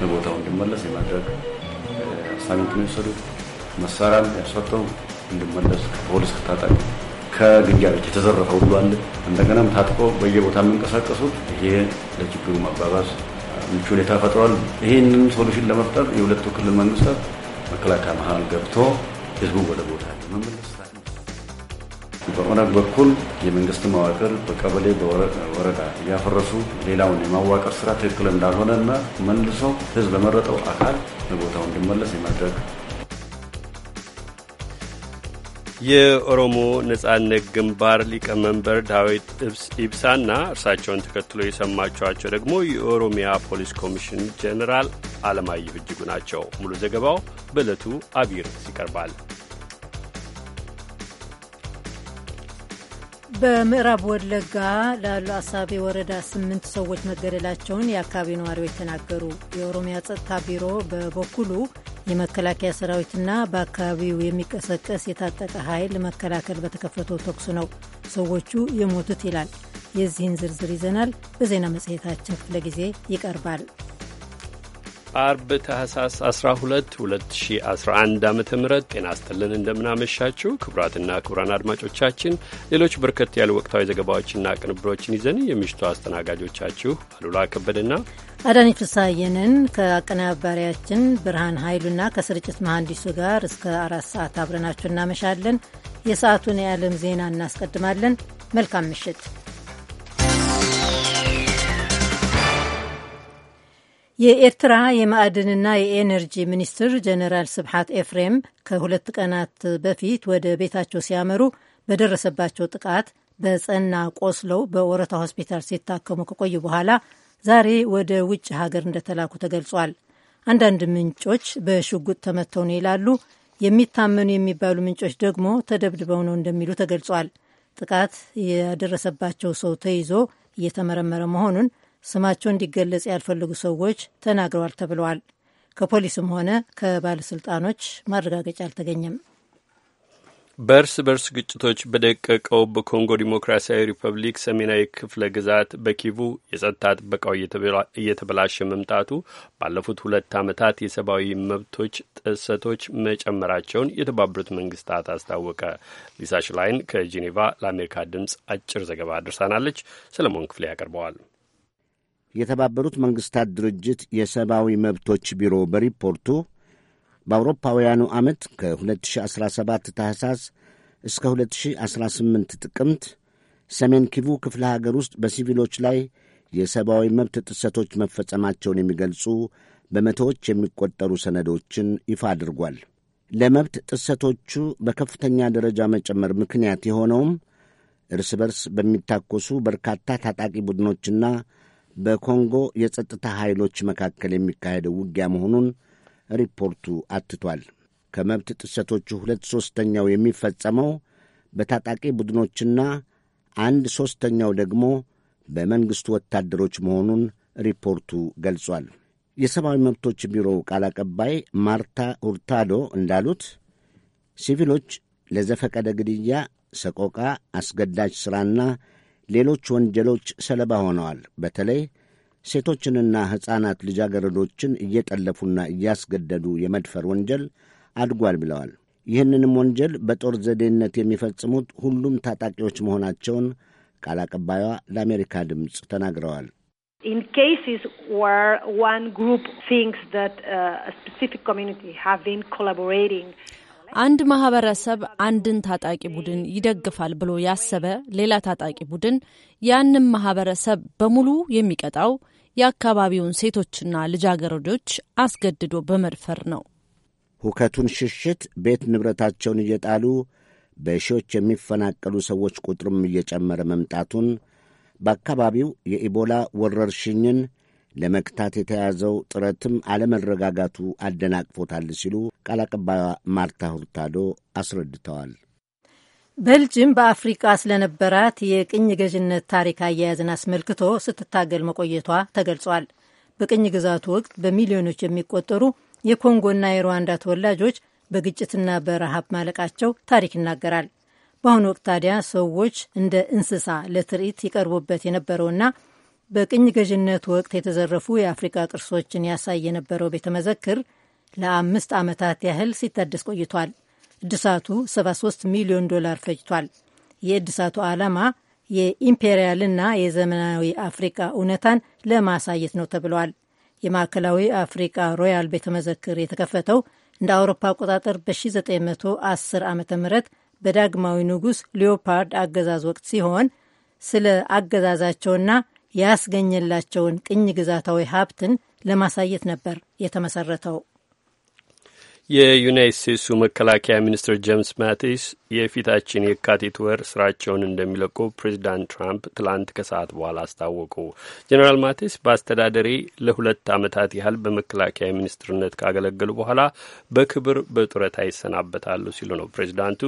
ለቦታው እንድመለስ የማድረግ አሳሚንት ነው የወሰዱት። መሳሪያም ያስፈተው እንዲመለስ ከፖሊስ ከታጣቂ ከግንጃ ቤት የተዘረፈ ሁሉ አለ። እንደገናም ታጥቆ በየቦታ የምንቀሳቀሱት ይሄ ለችግሩ መባባስ ምቹ ሁኔታ ፈጥሯል። ይህንን ሶሉሽን ለመፍጠር የሁለቱ ክልል መንግስታት መከላከያ መሀል ገብቶ ህዝቡ ወደ ቦታ መመለስ በኦነግ በኩል የመንግስት መዋቅር በቀበሌ በወረዳ እያፈረሱ ሌላውን የማዋቀር ስራ ትክክል እንዳልሆነ እና መልሶ ህዝብ በመረጠው አካል በቦታው እንዲመለስ የማድረግ የኦሮሞ ነጻነት ግንባር ሊቀመንበር ዳዊት ኢብሳና እርሳቸውን ተከትሎ የሰማችኋቸው ደግሞ የኦሮሚያ ፖሊስ ኮሚሽን ጀኔራል አለማየሁ እጅጉ ናቸው። ሙሉ ዘገባው በዕለቱ አቢር ይቀርባል። በምዕራብ ወለጋ ላሉ አሳቤ ወረዳ ስምንት ሰዎች መገደላቸውን የአካባቢው ነዋሪዎች ተናገሩ። የኦሮሚያ ጸጥታ ቢሮ በበኩሉ የመከላከያ ሰራዊትና በአካባቢው የሚቀሰቀስ የታጠቀ ኃይል መከላከል በተከፈተው ተኩስ ነው ሰዎቹ የሞቱት ይላል። የዚህን ዝርዝር ይዘናል። በዜና መጽሔታችን ክፍለ ጊዜ ይቀርባል። አርብ ታህሳስ 12 2011 ዓ ም ጤና ስጥልን እንደምናመሻችሁ ክቡራትና ክቡራን አድማጮቻችን ሌሎች በርከት ያሉ ወቅታዊ ዘገባዎችና ቅንብሮችን ይዘን የምሽቱ አስተናጋጆቻችሁ አሉላ ከበደና አዳነች ፍስሐየንን ከአቀናባሪያችን ብርሃን ኃይሉና ከስርጭት መሐንዲሱ ጋር እስከ አራት ሰዓት አብረናችሁ እናመሻለን። የሰዓቱን የዓለም ዜና እናስቀድማለን። መልካም ምሽት። የኤርትራ የማዕድንና የኤነርጂ ሚኒስትር ጀነራል ስብሓት ኤፍሬም ከሁለት ቀናት በፊት ወደ ቤታቸው ሲያመሩ በደረሰባቸው ጥቃት በጸና ቆስለው በወረታ ሆስፒታል ሲታከሙ ከቆዩ በኋላ ዛሬ ወደ ውጭ ሀገር እንደተላኩ ተገልጿል። አንዳንድ ምንጮች በሽጉጥ ተመተው ነው ይላሉ። የሚታመኑ የሚባሉ ምንጮች ደግሞ ተደብድበው ነው እንደሚሉ ተገልጿል። ጥቃት የደረሰባቸው ሰው ተይዞ እየተመረመረ መሆኑን ስማቸው እንዲገለጽ ያልፈልጉ ሰዎች ተናግረዋል ተብለዋል። ከፖሊስም ሆነ ከባለስልጣኖች ማረጋገጫ አልተገኘም። በእርስ በርስ ግጭቶች በደቀቀው በኮንጎ ዲሞክራሲያዊ ሪፐብሊክ ሰሜናዊ ክፍለ ግዛት በኪቩ የጸጥታ ጥበቃው እየተበላሸ መምጣቱ ባለፉት ሁለት ዓመታት የሰብአዊ መብቶች ጥሰቶች መጨመራቸውን የተባበሩት መንግስታት አስታወቀ። ሊሳ ሽላይን ከጄኔቫ ለአሜሪካ ድምፅ አጭር ዘገባ አድርሳናለች። ሰለሞን ክፍሌ ያቀርበዋል። የተባበሩት መንግሥታት ድርጅት የሰብአዊ መብቶች ቢሮ በሪፖርቱ በአውሮፓውያኑ ዓመት ከ2017 ታህሳስ እስከ 2018 ጥቅምት ሰሜን ኪቡ ክፍለ ሀገር ውስጥ በሲቪሎች ላይ የሰብአዊ መብት ጥሰቶች መፈጸማቸውን የሚገልጹ በመቶዎች የሚቆጠሩ ሰነዶችን ይፋ አድርጓል። ለመብት ጥሰቶቹ በከፍተኛ ደረጃ መጨመር ምክንያት የሆነውም እርስ በርስ በሚታኮሱ በርካታ ታጣቂ ቡድኖችና በኮንጎ የጸጥታ ኃይሎች መካከል የሚካሄደው ውጊያ መሆኑን ሪፖርቱ አትቷል። ከመብት ጥሰቶቹ ሁለት ሦስተኛው የሚፈጸመው በታጣቂ ቡድኖችና አንድ ሦስተኛው ደግሞ በመንግሥቱ ወታደሮች መሆኑን ሪፖርቱ ገልጿል። የሰብአዊ መብቶች ቢሮው ቃል አቀባይ ማርታ ሁርታዶ እንዳሉት ሲቪሎች ለዘፈቀደ ግድያ፣ ሰቆቃ፣ አስገዳጅ ሥራና ሌሎች ወንጀሎች ሰለባ ሆነዋል። በተለይ ሴቶችንና ሕፃናት ልጃገረዶችን እየጠለፉና እያስገደዱ የመድፈር ወንጀል አድጓል ብለዋል። ይህንንም ወንጀል በጦር ዘዴነት የሚፈጽሙት ሁሉም ታጣቂዎች መሆናቸውን ቃል አቀባይዋ ለአሜሪካ ድምፅ ተናግረዋል። አንድ ማህበረሰብ አንድን ታጣቂ ቡድን ይደግፋል ብሎ ያሰበ ሌላ ታጣቂ ቡድን ያንም ማህበረሰብ በሙሉ የሚቀጣው የአካባቢውን ሴቶችና ልጃገረዶች አስገድዶ በመድፈር ነው። ሁከቱን ሽሽት ቤት ንብረታቸውን እየጣሉ በሺዎች የሚፈናቀሉ ሰዎች ቁጥርም እየጨመረ መምጣቱን በአካባቢው የኢቦላ ወረርሽኝን ለመክታት የተያዘው ጥረትም አለመረጋጋቱ አደናቅፎታል ሲሉ ቃል አቀባዩ ማርታ ሁርታዶ አስረድተዋል። በልጅም በአፍሪቃ ስለነበራት የቅኝ ገዥነት ታሪክ አያያዝን አስመልክቶ ስትታገል መቆየቷ ተገልጿል። በቅኝ ግዛቱ ወቅት በሚሊዮኖች የሚቆጠሩ የኮንጎና የሩዋንዳ ተወላጆች በግጭትና በረሃብ ማለቃቸው ታሪክ ይናገራል። በአሁኑ ወቅት ታዲያ ሰዎች እንደ እንስሳ ለትርኢት ይቀርቡበት የነበረውና በቅኝ ገዥነት ወቅት የተዘረፉ የአፍሪካ ቅርሶችን ያሳይ የነበረው ቤተ መዘክር ለአምስት ዓመታት ያህል ሲታደስ ቆይቷል። እድሳቱ 73 ሚሊዮን ዶላር ፈጅቷል። የእድሳቱ ዓላማ የኢምፔሪያልና የዘመናዊ አፍሪካ እውነታን ለማሳየት ነው ተብለዋል። የማዕከላዊ አፍሪካ ሮያል ቤተ መዘክር የተከፈተው እንደ አውሮፓ አቆጣጠር በ1910 ዓ ም በዳግማዊ ንጉሥ ሊዮፓርድ አገዛዝ ወቅት ሲሆን ስለ አገዛዛቸውና ያስገኘላቸውን ቅኝ ግዛታዊ ሀብትን ለማሳየት ነበር የተመሰረተው። የዩናይት ስቴትሱ መከላከያ ሚኒስትር ጄምስ ማቲስ የፊታችን የካቲት ወር ስራቸውን እንደሚለቁ ፕሬዚዳንት ትራምፕ ትላንት ከሰዓት በኋላ አስታወቁ። ጄኔራል ማቲስ በአስተዳደሬ ለሁለት ዓመታት ያህል በመከላከያ ሚኒስትርነት ካገለገሉ በኋላ በክብር በጡረታ ይሰናበታሉ ሲሉ ነው ፕሬዚዳንቱ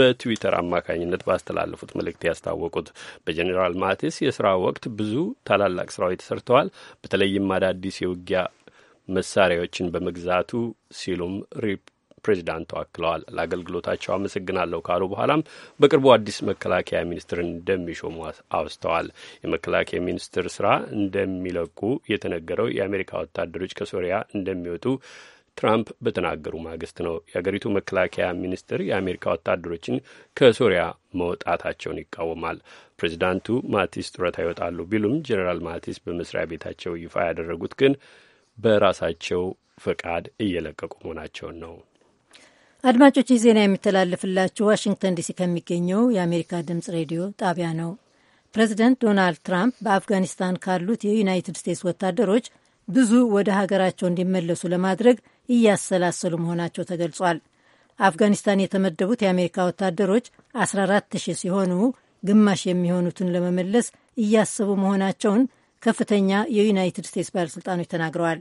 በትዊተር አማካኝነት ባስተላለፉት መልእክት ያስታወቁት። በጄኔራል ማቲስ የስራ ወቅት ብዙ ታላላቅ ስራዎች ተሰርተዋል። በተለይም አዳዲስ የውጊያ መሳሪያዎችን በመግዛቱ ሲሉም ፕሬዚዳንቱ አክለዋል። ለአገልግሎታቸው አመሰግናለሁ ካሉ በኋላም በቅርቡ አዲስ መከላከያ ሚኒስትር እንደሚሾሙ አውስተዋል። የመከላከያ ሚኒስትር ስራ እንደሚለቁ የተነገረው የአሜሪካ ወታደሮች ከሶሪያ እንደሚወጡ ትራምፕ በተናገሩ ማግስት ነው። የአገሪቱ መከላከያ ሚኒስትር የአሜሪካ ወታደሮችን ከሶሪያ መውጣታቸውን ይቃወማል። ፕሬዚዳንቱ ማቲስ ጡረታ ይወጣሉ ቢሉም ጄኔራል ማቲስ በመስሪያ ቤታቸው ይፋ ያደረጉት ግን በራሳቸው ፈቃድ እየለቀቁ መሆናቸውን ነው። አድማጮች ይህ ዜና የሚተላለፍላችሁ ዋሽንግተን ዲሲ ከሚገኘው የአሜሪካ ድምጽ ሬዲዮ ጣቢያ ነው። ፕሬዚደንት ዶናልድ ትራምፕ በአፍጋኒስታን ካሉት የዩናይትድ ስቴትስ ወታደሮች ብዙ ወደ ሀገራቸው እንዲመለሱ ለማድረግ እያሰላሰሉ መሆናቸው ተገልጿል። አፍጋኒስታን የተመደቡት የአሜሪካ ወታደሮች 14 ሺህ ሲሆኑ ግማሽ የሚሆኑትን ለመመለስ እያሰቡ መሆናቸውን ከፍተኛ የዩናይትድ ስቴትስ ባለሥልጣኖች ተናግረዋል።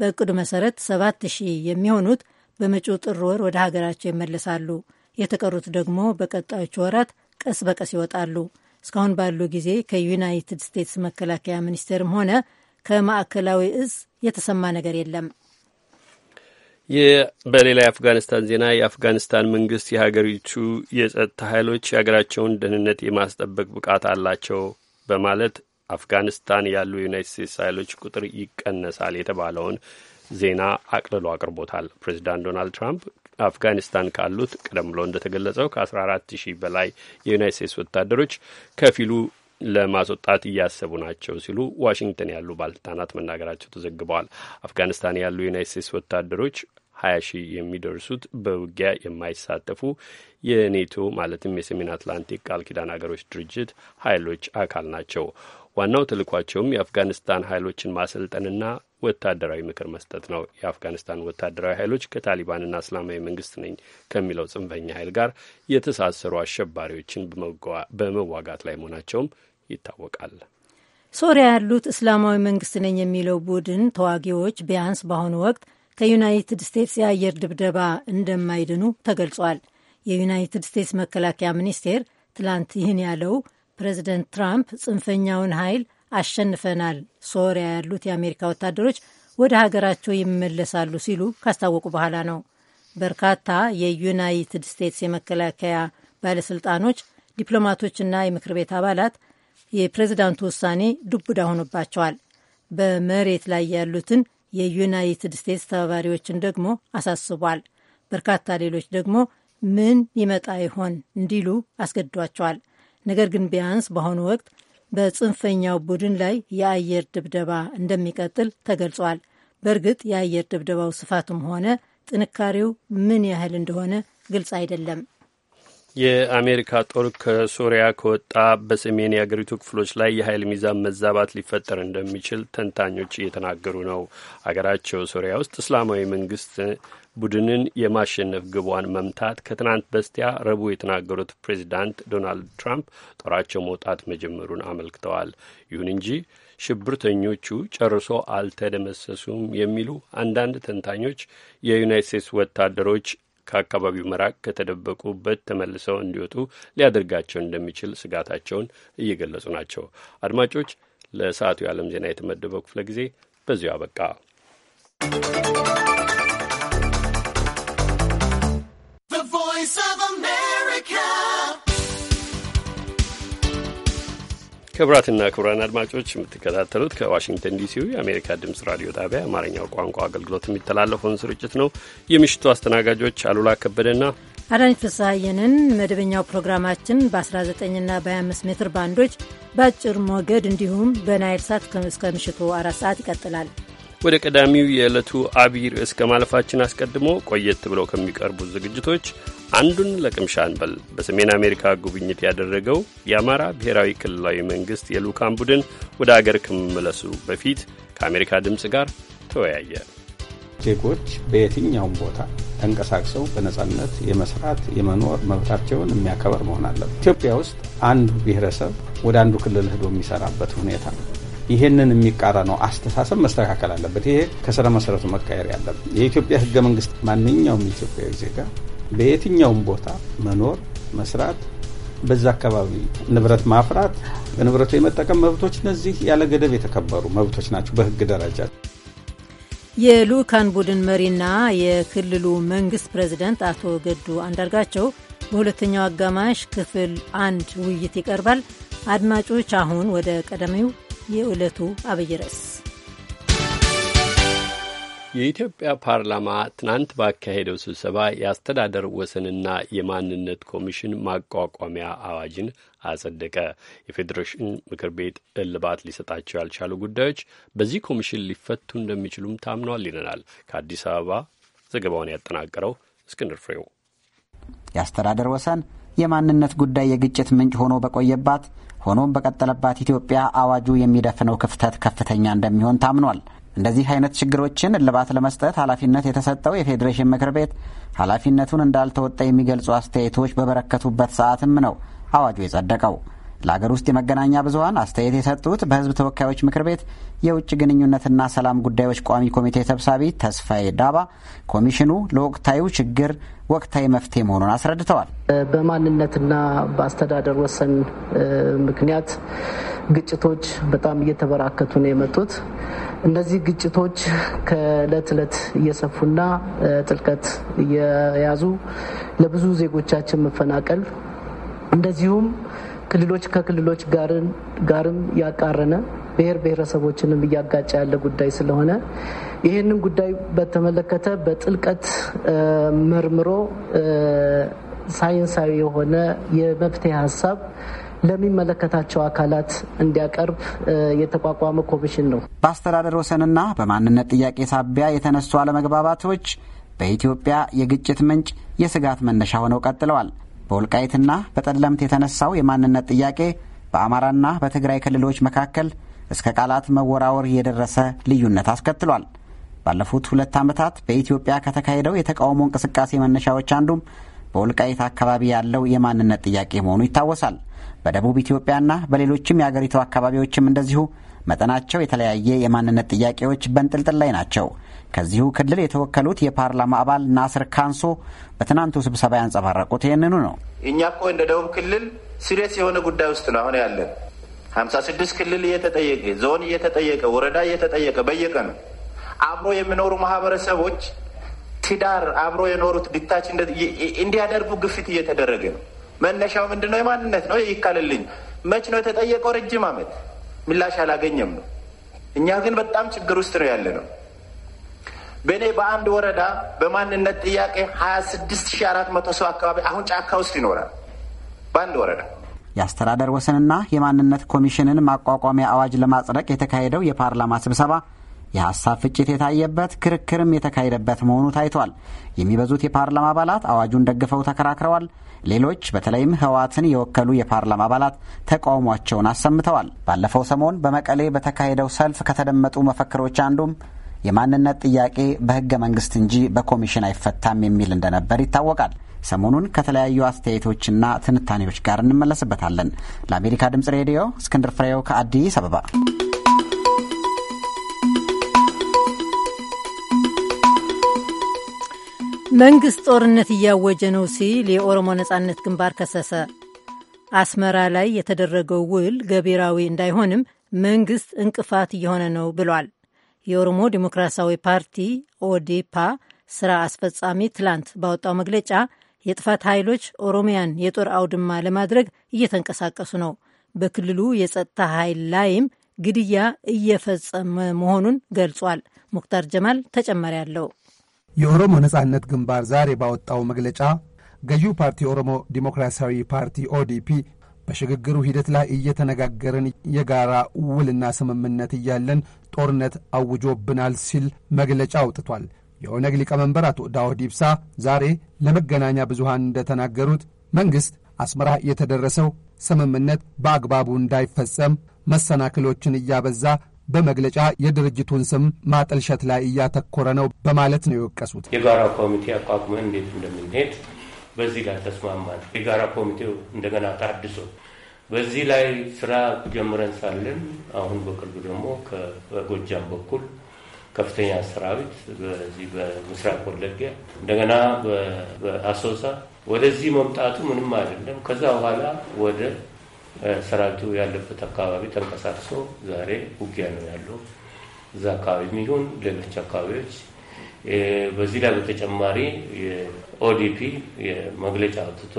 በእቅዱ መሰረት ሰባት ሺህ የሚሆኑት በመጪው ጥር ወር ወደ ሀገራቸው ይመለሳሉ። የተቀሩት ደግሞ በቀጣዮቹ ወራት ቀስ በቀስ ይወጣሉ። እስካሁን ባለው ጊዜ ከዩናይትድ ስቴትስ መከላከያ ሚኒስቴርም ሆነ ከማዕከላዊ እዝ የተሰማ ነገር የለም። በሌላ የአፍጋኒስታን ዜና የአፍጋኒስታን መንግስት የሀገሪቱ የጸጥታ ኃይሎች የሀገራቸውን ደህንነት የማስጠበቅ ብቃት አላቸው በማለት አፍጋኒስታን ያሉ የዩናይት ስቴትስ ኃይሎች ቁጥር ይቀነሳል የተባለውን ዜና አቅልሎ አቅርቦታል። ፕሬዚዳንት ዶናልድ ትራምፕ አፍጋኒስታን ካሉት ቀደም ብሎ እንደተገለጸው ከ14 ሺህ በላይ የዩናይት ስቴትስ ወታደሮች ከፊሉ ለማስወጣት እያሰቡ ናቸው ሲሉ ዋሽንግተን ያሉ ባለስልጣናት መናገራቸው ተዘግበዋል። አፍጋኒስታን ያሉ የዩናይት ስቴትስ ወታደሮች ሀያ ሺህ የሚደርሱት በውጊያ የማይሳተፉ የኔቶ ማለትም የሰሜን አትላንቲክ ቃል ኪዳን ሀገሮች ድርጅት ኃይሎች አካል ናቸው። ዋናው ተልእኳቸውም የአፍጋኒስታን ኃይሎችን ማሰልጠንና ወታደራዊ ምክር መስጠት ነው። የአፍጋኒስታን ወታደራዊ ኃይሎች ከታሊባንና እስላማዊ መንግስት ነኝ ከሚለው ጽንፈኛ ኃይል ጋር የተሳሰሩ አሸባሪዎችን በመዋጋት ላይ መሆናቸውም ይታወቃል። ሶሪያ ያሉት እስላማዊ መንግስት ነኝ የሚለው ቡድን ተዋጊዎች ቢያንስ በአሁኑ ወቅት ከዩናይትድ ስቴትስ የአየር ድብደባ እንደማይድኑ ተገልጿል። የዩናይትድ ስቴትስ መከላከያ ሚኒስቴር ትላንት ይህን ያለው ፕሬዚደንት ትራምፕ ጽንፈኛውን ኃይል አሸንፈናል፣ ሶሪያ ያሉት የአሜሪካ ወታደሮች ወደ ሀገራቸው ይመለሳሉ ሲሉ ካስታወቁ በኋላ ነው። በርካታ የዩናይትድ ስቴትስ የመከላከያ ባለሥልጣኖች፣ ዲፕሎማቶችና የምክር ቤት አባላት የፕሬዚዳንቱ ውሳኔ ዱብዳ ሆኖባቸዋል። በመሬት ላይ ያሉትን የዩናይትድ ስቴትስ ተባባሪዎችን ደግሞ አሳስቧል። በርካታ ሌሎች ደግሞ ምን ይመጣ ይሆን እንዲሉ አስገድዷቸዋል። ነገር ግን ቢያንስ በአሁኑ ወቅት በጽንፈኛው ቡድን ላይ የአየር ድብደባ እንደሚቀጥል ተገልጿል። በእርግጥ የአየር ድብደባው ስፋቱም ሆነ ጥንካሬው ምን ያህል እንደሆነ ግልጽ አይደለም። የአሜሪካ ጦር ከሶሪያ ከወጣ በሰሜን የአገሪቱ ክፍሎች ላይ የኃይል ሚዛን መዛባት ሊፈጠር እንደሚችል ተንታኞች እየተናገሩ ነው። አገራቸው ሶሪያ ውስጥ እስላማዊ መንግስት ቡድንን የማሸነፍ ግቧን መምታት ከትናንት በስቲያ ረቡዕ የተናገሩት ፕሬዚዳንት ዶናልድ ትራምፕ ጦራቸው መውጣት መጀመሩን አመልክተዋል። ይሁን እንጂ ሽብርተኞቹ ጨርሶ አልተደመሰሱም የሚሉ አንዳንድ ተንታኞች የዩናይት ስቴትስ ወታደሮች ከአካባቢው መራቅ ከተደበቁበት ተመልሰው እንዲወጡ ሊያደርጋቸው እንደሚችል ስጋታቸውን እየገለጹ ናቸው። አድማጮች፣ ለሰዓቱ የዓለም ዜና የተመደበው ክፍለ ጊዜ በዚሁ አበቃ። ክቡራትና ክቡራን አድማጮች የምትከታተሉት ከዋሽንግተን ዲሲው የአሜሪካ ድምፅ ራዲዮ ጣቢያ አማርኛው ቋንቋ አገልግሎት የሚተላለፈውን ስርጭት ነው። የምሽቱ አስተናጋጆች አሉላ ከበደና አዳኝ ፍስሐየንን። መደበኛው ፕሮግራማችን በ19ና በ25 ሜትር ባንዶች በአጭር ሞገድ እንዲሁም በናይል ሳት እስከ ምሽቱ አራት ሰዓት ይቀጥላል። ወደ ቀዳሚው የዕለቱ አብይ ርዕስ ከማለፋችን አስቀድሞ ቆየት ብለው ከሚቀርቡ ዝግጅቶች አንዱን ለቅምሻ እንበል። በሰሜን አሜሪካ ጉብኝት ያደረገው የአማራ ብሔራዊ ክልላዊ መንግሥት የልዑካን ቡድን ወደ አገር ከመመለሱ በፊት ከአሜሪካ ድምፅ ጋር ተወያየ። ዜጎች በየትኛውም ቦታ ተንቀሳቅሰው በነጻነት የመስራት የመኖር መብታቸውን የሚያከበር መሆን አለበት። ኢትዮጵያ ውስጥ አንድ ብሔረሰብ ወደ አንዱ ክልል ህዶ የሚሰራበት ሁኔታ ይህንን የሚቃረነው አስተሳሰብ መስተካከል አለበት። ይሄ ከስረ መሰረቱ መካሄድ ያለበት የኢትዮጵያ ሕገ መንግሥት ማንኛውም ኢትዮጵያዊ ዜጋ በየትኛውም ቦታ መኖር፣ መስራት፣ በዛ አካባቢ ንብረት ማፍራት፣ በንብረቱ የመጠቀም መብቶች፣ እነዚህ ያለ ገደብ የተከበሩ መብቶች ናቸው በህግ ደረጃ። የልዑካን ቡድን መሪና የክልሉ መንግስት ፕሬዚደንት አቶ ገዱ አንዳርጋቸው በሁለተኛው አጋማሽ ክፍል አንድ ውይይት ይቀርባል። አድማጮች፣ አሁን ወደ ቀዳሚው የዕለቱ አብይ ርዕስ የኢትዮጵያ ፓርላማ ትናንት ባካሄደው ስብሰባ የአስተዳደር ወሰንና የማንነት ኮሚሽን ማቋቋሚያ አዋጅን አጸደቀ። የፌዴሬሽን ምክር ቤት እልባት ሊሰጣቸው ያልቻሉ ጉዳዮች በዚህ ኮሚሽን ሊፈቱ እንደሚችሉም ታምኗል ይለናል። ከአዲስ አበባ ዘገባውን ያጠናቀረው እስክንድር ፍሬው። የአስተዳደር ወሰን የማንነት ጉዳይ የግጭት ምንጭ ሆኖ በቆየባት ሆኖም በቀጠለባት ኢትዮጵያ አዋጁ የሚደፍነው ክፍተት ከፍተኛ እንደሚሆን ታምኗል። እንደዚህ አይነት ችግሮችን እልባት ለመስጠት ኃላፊነት የተሰጠው የፌዴሬሽን ምክር ቤት ኃላፊነቱን እንዳልተወጣ የሚገልጹ አስተያየቶች በበረከቱበት ሰዓትም ነው አዋጁ የጸደቀው። ለአገር ውስጥ የመገናኛ ብዙኃን አስተያየት የሰጡት በሕዝብ ተወካዮች ምክር ቤት የውጭ ግንኙነትና ሰላም ጉዳዮች ቋሚ ኮሚቴ ሰብሳቢ ተስፋዬ ዳባ ኮሚሽኑ ለወቅታዊ ችግር ወቅታዊ መፍትሄ መሆኑን አስረድተዋል። በማንነትና በአስተዳደር ወሰን ምክንያት ግጭቶች በጣም እየተበራከቱ ነው የመጡት። እነዚህ ግጭቶች ከእለት እለት እየሰፉና ጥልቀት እየያዙ ለብዙ ዜጎቻችን መፈናቀል እንደዚሁም ክልሎች ከክልሎች ጋርም ያቃረነ ብሔር ብሔረሰቦችንም እያጋጨ ያለ ጉዳይ ስለሆነ ይህንን ጉዳይ በተመለከተ በጥልቀት መርምሮ ሳይንሳዊ የሆነ የመፍትሄ ሀሳብ ለሚመለከታቸው አካላት እንዲያቀርብ የተቋቋመ ኮሚሽን ነው። በአስተዳደር ወሰንና በማንነት ጥያቄ ሳቢያ የተነሱ አለመግባባቶች በኢትዮጵያ የግጭት ምንጭ፣ የስጋት መነሻ ሆነው ቀጥለዋል። በወልቃይትና በጠለምት የተነሳው የማንነት ጥያቄ በአማራና በትግራይ ክልሎች መካከል እስከ ቃላት መወራወር የደረሰ ልዩነት አስከትሏል። ባለፉት ሁለት ዓመታት በኢትዮጵያ ከተካሄደው የተቃውሞ እንቅስቃሴ መነሻዎች አንዱም በወልቃይት አካባቢ ያለው የማንነት ጥያቄ መሆኑ ይታወሳል። በደቡብ ኢትዮጵያና በሌሎችም የአገሪቱ አካባቢዎችም እንደዚሁ መጠናቸው የተለያየ የማንነት ጥያቄዎች በንጥልጥል ላይ ናቸው። ከዚሁ ክልል የተወከሉት የፓርላማ አባል ናስር ካንሶ በትናንቱ ስብሰባ ያንጸባረቁት ይህንኑ ነው። እኛ እኮ እንደ ደቡብ ክልል ሲሬስ የሆነ ጉዳይ ውስጥ ነው አሁን ያለን። ሀምሳ ስድስት ክልል እየተጠየቀ ዞን እየተጠየቀ ወረዳ እየተጠየቀ በየቀ ነው አብሮ የሚኖሩ ማህበረሰቦች ትዳር አብሮ የኖሩት ድታች እንዲያደርጉ ግፊት እየተደረገ ነው። መነሻው ምንድን ነው? የማንነት ነው። ይካልልኝ። መች ነው የተጠየቀው? ረጅም ዓመት ምላሽ አላገኘም ነው። እኛ ግን በጣም ችግር ውስጥ ነው ያለ ነው። በእኔ በአንድ ወረዳ በማንነት ጥያቄ ሀያ ስድስት አራት መቶ ሰው አካባቢ አሁን ጫካ ውስጥ ይኖራል። በአንድ ወረዳ የአስተዳደር ወሰንና የማንነት ኮሚሽንን ማቋቋሚያ አዋጅ ለማጽደቅ የተካሄደው የፓርላማ ስብሰባ የሀሳብ ፍጭት የታየበት ክርክርም የተካሄደበት መሆኑ ታይቷል። የሚበዙት የፓርላማ አባላት አዋጁን ደግፈው ተከራክረዋል። ሌሎች በተለይም ህወሓትን የወከሉ የፓርላማ አባላት ተቃውሟቸውን አሰምተዋል። ባለፈው ሰሞን በመቀሌ በተካሄደው ሰልፍ ከተደመጡ መፈክሮች አንዱም የማንነት ጥያቄ በህገ መንግስት እንጂ በኮሚሽን አይፈታም የሚል እንደነበር ይታወቃል። ሰሞኑን ከተለያዩ አስተያየቶችና ትንታኔዎች ጋር እንመለስበታለን። ለአሜሪካ ድምጽ ሬዲዮ እስክንድር ፍሬው ከአዲስ አበባ መንግሥት ጦርነት እያወጀ ነው ሲል የኦሮሞ ነጻነት ግንባር ከሰሰ። አስመራ ላይ የተደረገው ውል ገቢራዊ እንዳይሆንም መንግሥት እንቅፋት እየሆነ ነው ብሏል። የኦሮሞ ዴሞክራሲያዊ ፓርቲ ኦዴፓ ሥራ አስፈጻሚ ትላንት ባወጣው መግለጫ የጥፋት ኃይሎች ኦሮሚያን የጦር አውድማ ለማድረግ እየተንቀሳቀሱ ነው፣ በክልሉ የጸጥታ ኃይል ላይም ግድያ እየፈጸመ መሆኑን ገልጿል። ሙክታር ጀማል ተጨማሪ አለው። የኦሮሞ ነጻነት ግንባር ዛሬ ባወጣው መግለጫ ገዢው ፓርቲ ኦሮሞ ዲሞክራሲያዊ ፓርቲ ኦዲፒ በሽግግሩ ሂደት ላይ እየተነጋገርን የጋራ ውልና ስምምነት እያለን ጦርነት አውጆብናል ሲል መግለጫ አውጥቷል። የኦነግ ሊቀመንበር አቶ ዳውድ ኢብሳ ዛሬ ለመገናኛ ብዙሃን እንደተናገሩት መንግሥት አስመራ የተደረሰው ስምምነት በአግባቡ እንዳይፈጸም መሰናክሎችን እያበዛ በመግለጫ የድርጅቱን ስም ማጠልሸት ላይ እያተኮረ ነው በማለት ነው የወቀሱት። የጋራ ኮሚቴ አቋቁመን እንዴት እንደምንሄድ በዚህ ላይ ተስማማን። የጋራ ኮሚቴው እንደገና ታድሶ በዚህ ላይ ስራ ጀምረን ሳለን አሁን በቅርቡ ደግሞ ከጎጃም በኩል ከፍተኛ ሰራዊት በዚህ በምስራቅ ወለጊያ እንደገና በአሶሳ ወደዚህ መምጣቱ ምንም አይደለም። ከዛ በኋላ ወደ ሰራዊቱ ያለበት አካባቢ ተንቀሳቅሶ ዛሬ ውጊያ ነው ያለው። እዛ አካባቢ የሚሆን ሌሎች አካባቢዎች። በዚህ ላይ በተጨማሪ የኦዲፒ የመግለጫ አውጥቶ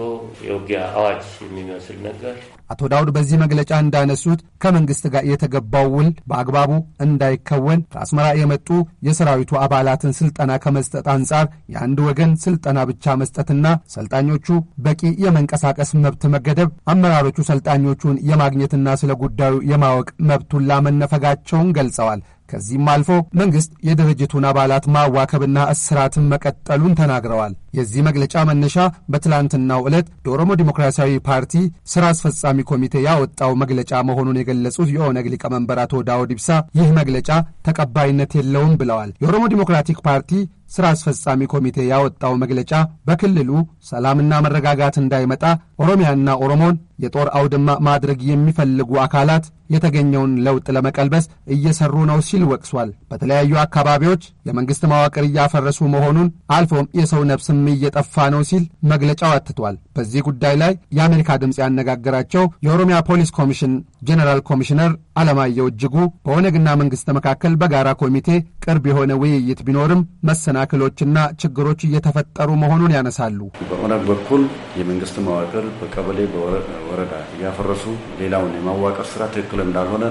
የውጊያ አዋጅ የሚመስል ነገር አቶ ዳውድ በዚህ መግለጫ እንዳነሱት ከመንግስት ጋር የተገባው ውል በአግባቡ እንዳይከወን ከአስመራ የመጡ የሰራዊቱ አባላትን ስልጠና ከመስጠት አንጻር የአንድ ወገን ስልጠና ብቻ መስጠትና ሰልጣኞቹ በቂ የመንቀሳቀስ መብት መገደብ፣ አመራሮቹ ሰልጣኞቹን የማግኘትና ስለ ጉዳዩ የማወቅ መብቱን ላመነፈጋቸውን ገልጸዋል። ከዚህም አልፎ መንግስት የድርጅቱን አባላት ማዋከብና እስራትን መቀጠሉን ተናግረዋል። የዚህ መግለጫ መነሻ በትላንትናው ዕለት የኦሮሞ ዲሞክራሲያዊ ፓርቲ ስራ አስፈጻሚ ኮሚቴ ያወጣው መግለጫ መሆኑን የገለጹት የኦነግ ሊቀመንበር አቶ ዳውድ ኢብሳ ይህ መግለጫ ተቀባይነት የለውም ብለዋል። የኦሮሞ ዲሞክራቲክ ፓርቲ ስራ አስፈጻሚ ኮሚቴ ያወጣው መግለጫ በክልሉ ሰላምና መረጋጋት እንዳይመጣ ኦሮሚያና ኦሮሞን የጦር አውድማ ማድረግ የሚፈልጉ አካላት የተገኘውን ለውጥ ለመቀልበስ እየሰሩ ነው ሲል ወቅሷል። በተለያዩ አካባቢዎች የመንግሥት መዋቅር እያፈረሱ መሆኑን አልፎም የሰው ነፍስም ሰላም እየጠፋ ነው ሲል መግለጫው አትቷል። በዚህ ጉዳይ ላይ የአሜሪካ ድምፅ ያነጋገራቸው የኦሮሚያ ፖሊስ ኮሚሽን ጄኔራል ኮሚሽነር አለማየሁ እጅጉ በኦነግና መንግሥት መካከል በጋራ ኮሚቴ ቅርብ የሆነ ውይይት ቢኖርም መሰናክሎችና ችግሮች እየተፈጠሩ መሆኑን ያነሳሉ። በኦነግ በኩል የመንግስት መዋቅር በቀበሌ በወረዳ እያፈረሱ ሌላውን የማዋቀር ስራ ትክክል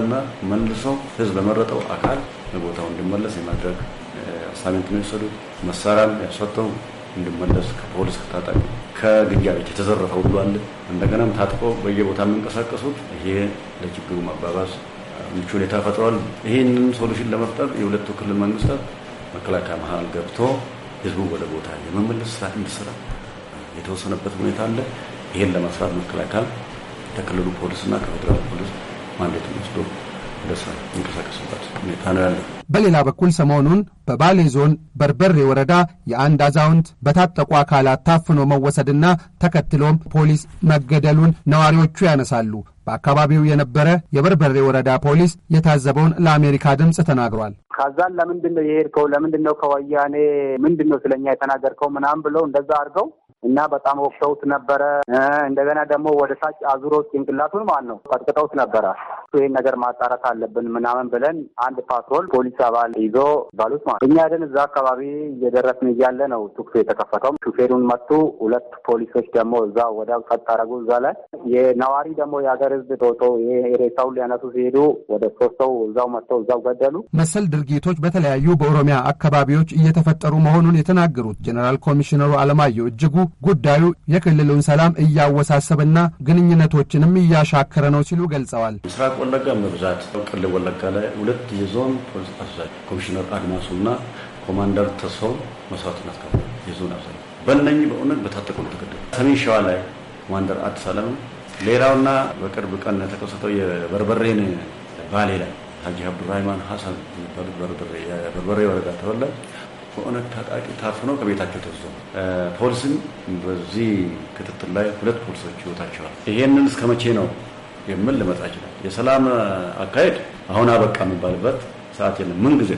እና መልሶ ህዝብ በመረጠው አካል ቦታው እንዲመለስ የማድረግ አሳሚንት ነው የወሰዱ መሳሪያም ያሰጠው እንድመለስ ከፖሊስ ከታጣቂ ከግንጃ ቤት የተዘረፈ ሁሉ አለ። እንደገናም ታጥቆ በየቦታ የምንቀሳቀሱት ይሄ ለችግሩ ማባባስ ምቹ ሁኔታ ፈጥሯል። ይህንን ሶሉሽን ለመፍጠር የሁለቱ ክልል መንግስታት መከላከያ መሀል ገብቶ ህዝቡ ወደ ቦታ የመመለስ ስራ እንዲሰራ የተወሰነበት ሁኔታ አለ። ይሄን ለመስራት መከላከያ ከክልሉ ፖሊስና ከፌዴራል ፖሊስ ማንዴት ወስዶ ወደ ስራ እንቀሳቀስበት ሁኔታ ነው ያለው። በሌላ በኩል ሰሞኑን በባሌ ዞን በርበሬ ወረዳ የአንድ አዛውንት በታጠቁ አካላት ታፍኖ መወሰድና ተከትሎም ፖሊስ መገደሉን ነዋሪዎቹ ያነሳሉ። በአካባቢው የነበረ የበርበሬ ወረዳ ፖሊስ የታዘበውን ለአሜሪካ ድምፅ ተናግሯል። ከዛን ለምንድን ነው የሄድከው? ለምንድን ነው ከወያኔ ምንድን ነው ስለኛ የተናገርከው? ምናምን ብለው እንደዛ አድርገው እና በጣም ወቅተውት ነበረ። እንደገና ደግሞ ወደ ታች አዙሮ ጭንቅላቱን ማለት ነው ቀጥቅጠውት ነበረ። ይህን ነገር ማጣራት አለብን ምናምን ብለን አንድ ፓትሮል ፖሊስ አባል ይዞ ባሉት ማለት እኛ ግን እዛ አካባቢ እየደረስን እያለ ነው ተኩሱ የተከፈተው። ሹፌሩን መጡ ሁለት ፖሊሶች ደግሞ እዛ ወዲያው ጸጥ አደረጉ። እዛ ላይ የነዋሪ ደግሞ የሀገር ህዝብ ቶቶ ሬሳውን ሊያነሱ ሲሄዱ ወደ ሶስት ሰው እዛው መጥተው እዛው ገደሉ። መሰል ድርጊቶች በተለያዩ በኦሮሚያ አካባቢዎች እየተፈጠሩ መሆኑን የተናገሩት ጀኔራል ኮሚሽነሩ አለማየሁ እጅጉ ጉዳዩ የክልሉን ሰላም እያወሳሰበና ግንኙነቶችንም እያሻከረ ነው ሲሉ ገልጸዋል። ምስራቅ ወለጋ መብዛት ቅል ወለጋ ላይ ሁለት የዞን ፖሊስ አዛዥ ኮሚሽነር አድማሱና ኮማንደር ተሰው መስዋዕትነት ከ የዞን አዛዥ በነኝ በእውነት በታጠቁ ነው ተገደሉ። ሰሜን ሸዋ ላይ ኮማንደር አዲስ አለም ሌላውና በቅርብ ቀን የተከሰተው የበርበሬን ባሌ ላይ ሀጂ አብዱራህማን ሀሰን የሚባሉት በርበሬ ወረዳ ተወላጅ በእውነት ታጣቂ ታፍነው ከቤታቸው ተዞ ፖሊስም በዚህ ክትትል ላይ ሁለት ፖሊሶች ህይወታቸዋል። ይሄንን እስከ መቼ ነው የምን ልመጣ ይችላል? የሰላም አካሄድ አሁን አበቃ የሚባልበት ሰዓት የለም። ምን ጊዜ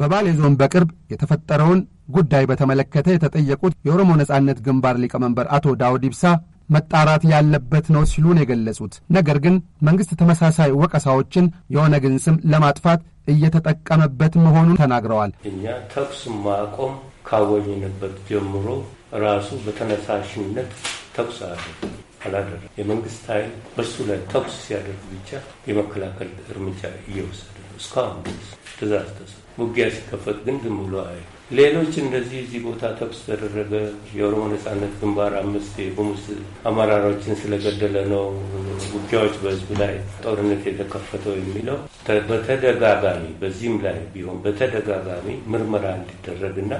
በባሌ ዞን በቅርብ የተፈጠረውን ጉዳይ በተመለከተ የተጠየቁት የኦሮሞ ነጻነት ግንባር ሊቀመንበር አቶ ዳውድ ኢብሳ መጣራት ያለበት ነው ሲሉ ነው የገለጹት። ነገር ግን መንግሥት ተመሳሳይ ወቀሳዎችን የኦነግን ስም ለማጥፋት እየተጠቀመበት መሆኑን ተናግረዋል። እኛ ተኩስ ማቆም ካወጀንበት ጀምሮ ራሱ በተነሳሽነት ተኩስ አለ አላደረ የመንግስት ኃይል በሱ ላይ ተኩስ ሲያደርግ ብቻ የመከላከል እርምጃ እየወሰደ ነው እስካሁን ድረስ ትእዛዝ ተሰ ውጊያ ሲከፈት ግን ዝም ብሎ አይ ሌሎች እንደዚህ እዚህ ቦታ ተኩስ ተደረገ፣ የኦሮሞ ነጻነት ግንባር አምስት የጉሙዝ አመራሮችን ስለገደለ ነው ውጊያዎች በህዝብ ላይ ጦርነት የተከፈተው የሚለው በተደጋጋሚ በዚህም ላይ ቢሆን በተደጋጋሚ ምርመራ እንዲደረግና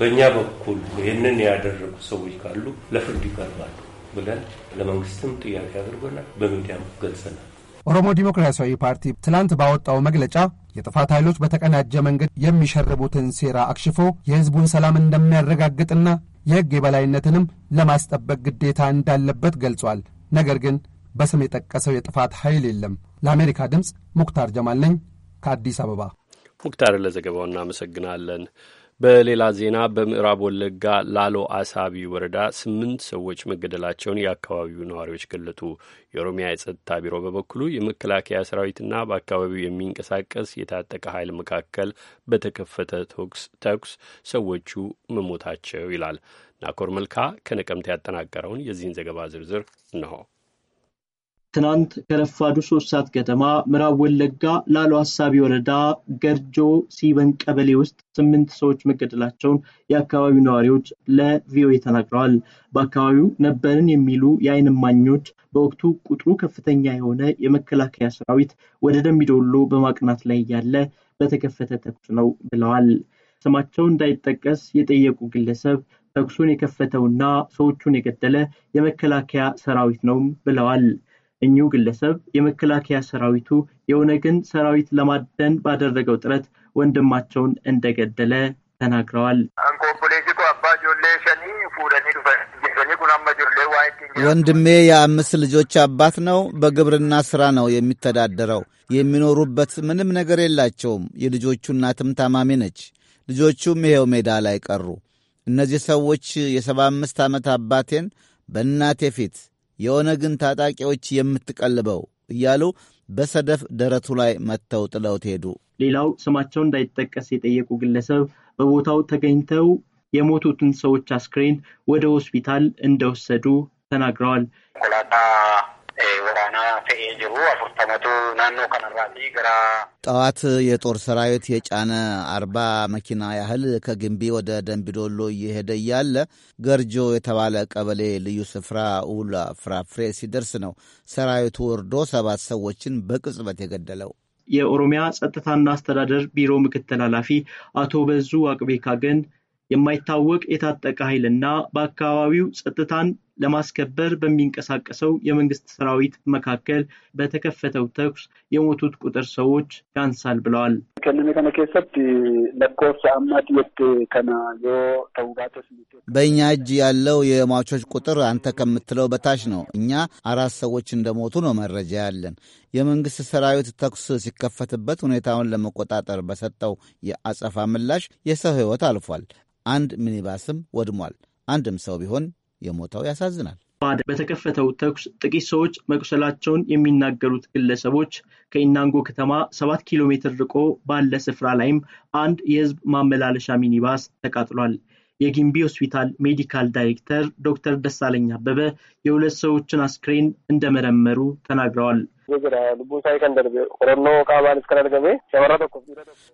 በእኛ በኩል ይህንን ያደረጉ ሰዎች ካሉ ለፍርድ ይቀርባሉ ብለን ለመንግስትም ጥያቄ አድርጎናል፣ በሚዲያም ገልጸናል። ኦሮሞ ዲሞክራሲያዊ ፓርቲ ትናንት ባወጣው መግለጫ የጥፋት ኃይሎች በተቀናጀ መንገድ የሚሸርቡትን ሴራ አክሽፎ የሕዝቡን ሰላም እንደሚያረጋግጥና የሕግ የበላይነትንም ለማስጠበቅ ግዴታ እንዳለበት ገልጿል። ነገር ግን በስም የጠቀሰው የጥፋት ኃይል የለም። ለአሜሪካ ድምፅ ሙክታር ጀማል ነኝ ከአዲስ አበባ። ሙክታር ለዘገባው እናመሰግናለን። በሌላ ዜና በምዕራብ ወለጋ ላሎ አሳቢ ወረዳ ስምንት ሰዎች መገደላቸውን የአካባቢው ነዋሪዎች ገለጡ። የኦሮሚያ የጸጥታ ቢሮ በበኩሉ የመከላከያ ሰራዊትና በአካባቢው የሚንቀሳቀስ የታጠቀ ኃይል መካከል በተከፈተ ተኩስ ሰዎቹ መሞታቸው ይላል። ናኮር መልካ ከነቀምት ያጠናቀረውን የዚህን ዘገባ ዝርዝር እንሆ ትናንት ከረፋዱ ሶስት ሰዓት ገደማ ምዕራብ ወለጋ ላሉ አሳቢ ወረዳ ገርጆ ሲበን ቀበሌ ውስጥ ስምንት ሰዎች መገደላቸውን የአካባቢው ነዋሪዎች ለቪኦኤ ተናግረዋል። በአካባቢው ነበርን የሚሉ የዓይን እማኞች በወቅቱ ቁጥሩ ከፍተኛ የሆነ የመከላከያ ሰራዊት ወደ ደምቢዶሎ በማቅናት ላይ እያለ በተከፈተ ተኩስ ነው ብለዋል። ስማቸው እንዳይጠቀስ የጠየቁ ግለሰብ ተኩሱን የከፈተውና ሰዎቹን የገደለ የመከላከያ ሰራዊት ነው ብለዋል። እኚሁ ግለሰብ የመከላከያ ሰራዊቱ የኦነግን ሰራዊት ለማደን ባደረገው ጥረት ወንድማቸውን እንደገደለ ተናግረዋል። ወንድሜ የአምስት ልጆች አባት ነው። በግብርና ሥራ ነው የሚተዳደረው። የሚኖሩበት ምንም ነገር የላቸውም። የልጆቹ እናትም ታማሚ ነች። ልጆቹም ይኸው ሜዳ ላይ ቀሩ። እነዚህ ሰዎች የሰባ አምስት ዓመት አባቴን በእናቴ ፊት የኦነግን ታጣቂዎች የምትቀልበው እያሉ በሰደፍ ደረቱ ላይ መጥተው ጥለውት ሄዱ። ሌላው ስማቸው እንዳይጠቀስ የጠየቁ ግለሰብ በቦታው ተገኝተው የሞቱትን ሰዎች አስክሬን ወደ ሆስፒታል እንደወሰዱ ተናግረዋል። ወራና ta'ee jiru afurtamatu ናኖ kanarraati gara ጠዋት የጦር ሰራዊት የጫነ አርባ መኪና ያህል ከግንቢ ወደ ደንቢዶሎ እየሄደ እያለ ገርጆ የተባለ ቀበሌ ልዩ ስፍራ ውላ ፍራፍሬ ሲደርስ ነው ሰራዊቱ ወርዶ ሰባት ሰዎችን በቅጽበት የገደለው። የኦሮሚያ ጸጥታና አስተዳደር ቢሮ ምክትል ኃላፊ አቶ በዙ አቅቤካ ግን የማይታወቅ የታጠቀ ኃይልና በአካባቢው ጸጥታን ለማስከበር በሚንቀሳቀሰው የመንግስት ሰራዊት መካከል በተከፈተው ተኩስ የሞቱት ቁጥር ሰዎች ያንሳል ብለዋል። በእኛ እጅ ያለው የሟቾች ቁጥር አንተ ከምትለው በታች ነው። እኛ አራት ሰዎች እንደሞቱ ነው መረጃ ያለን። የመንግስት ሰራዊት ተኩስ ሲከፈትበት ሁኔታውን ለመቆጣጠር በሰጠው የአጸፋ ምላሽ የሰው ህይወት አልፏል። አንድ ሚኒባስም ወድሟል። አንድም ሰው ቢሆን የሞተው ያሳዝናል። በተከፈተው ተኩስ ጥቂት ሰዎች መቁሰላቸውን የሚናገሩት ግለሰቦች ከኢናንጎ ከተማ ሰባት ኪሎ ሜትር ርቆ ባለ ስፍራ ላይም አንድ የህዝብ ማመላለሻ ሚኒባስ ተቃጥሏል። የጊምቢ ሆስፒታል ሜዲካል ዳይሬክተር ዶክተር ደሳለኝ አበበ የሁለት ሰዎችን አስክሬን እንደመረመሩ ተናግረዋል።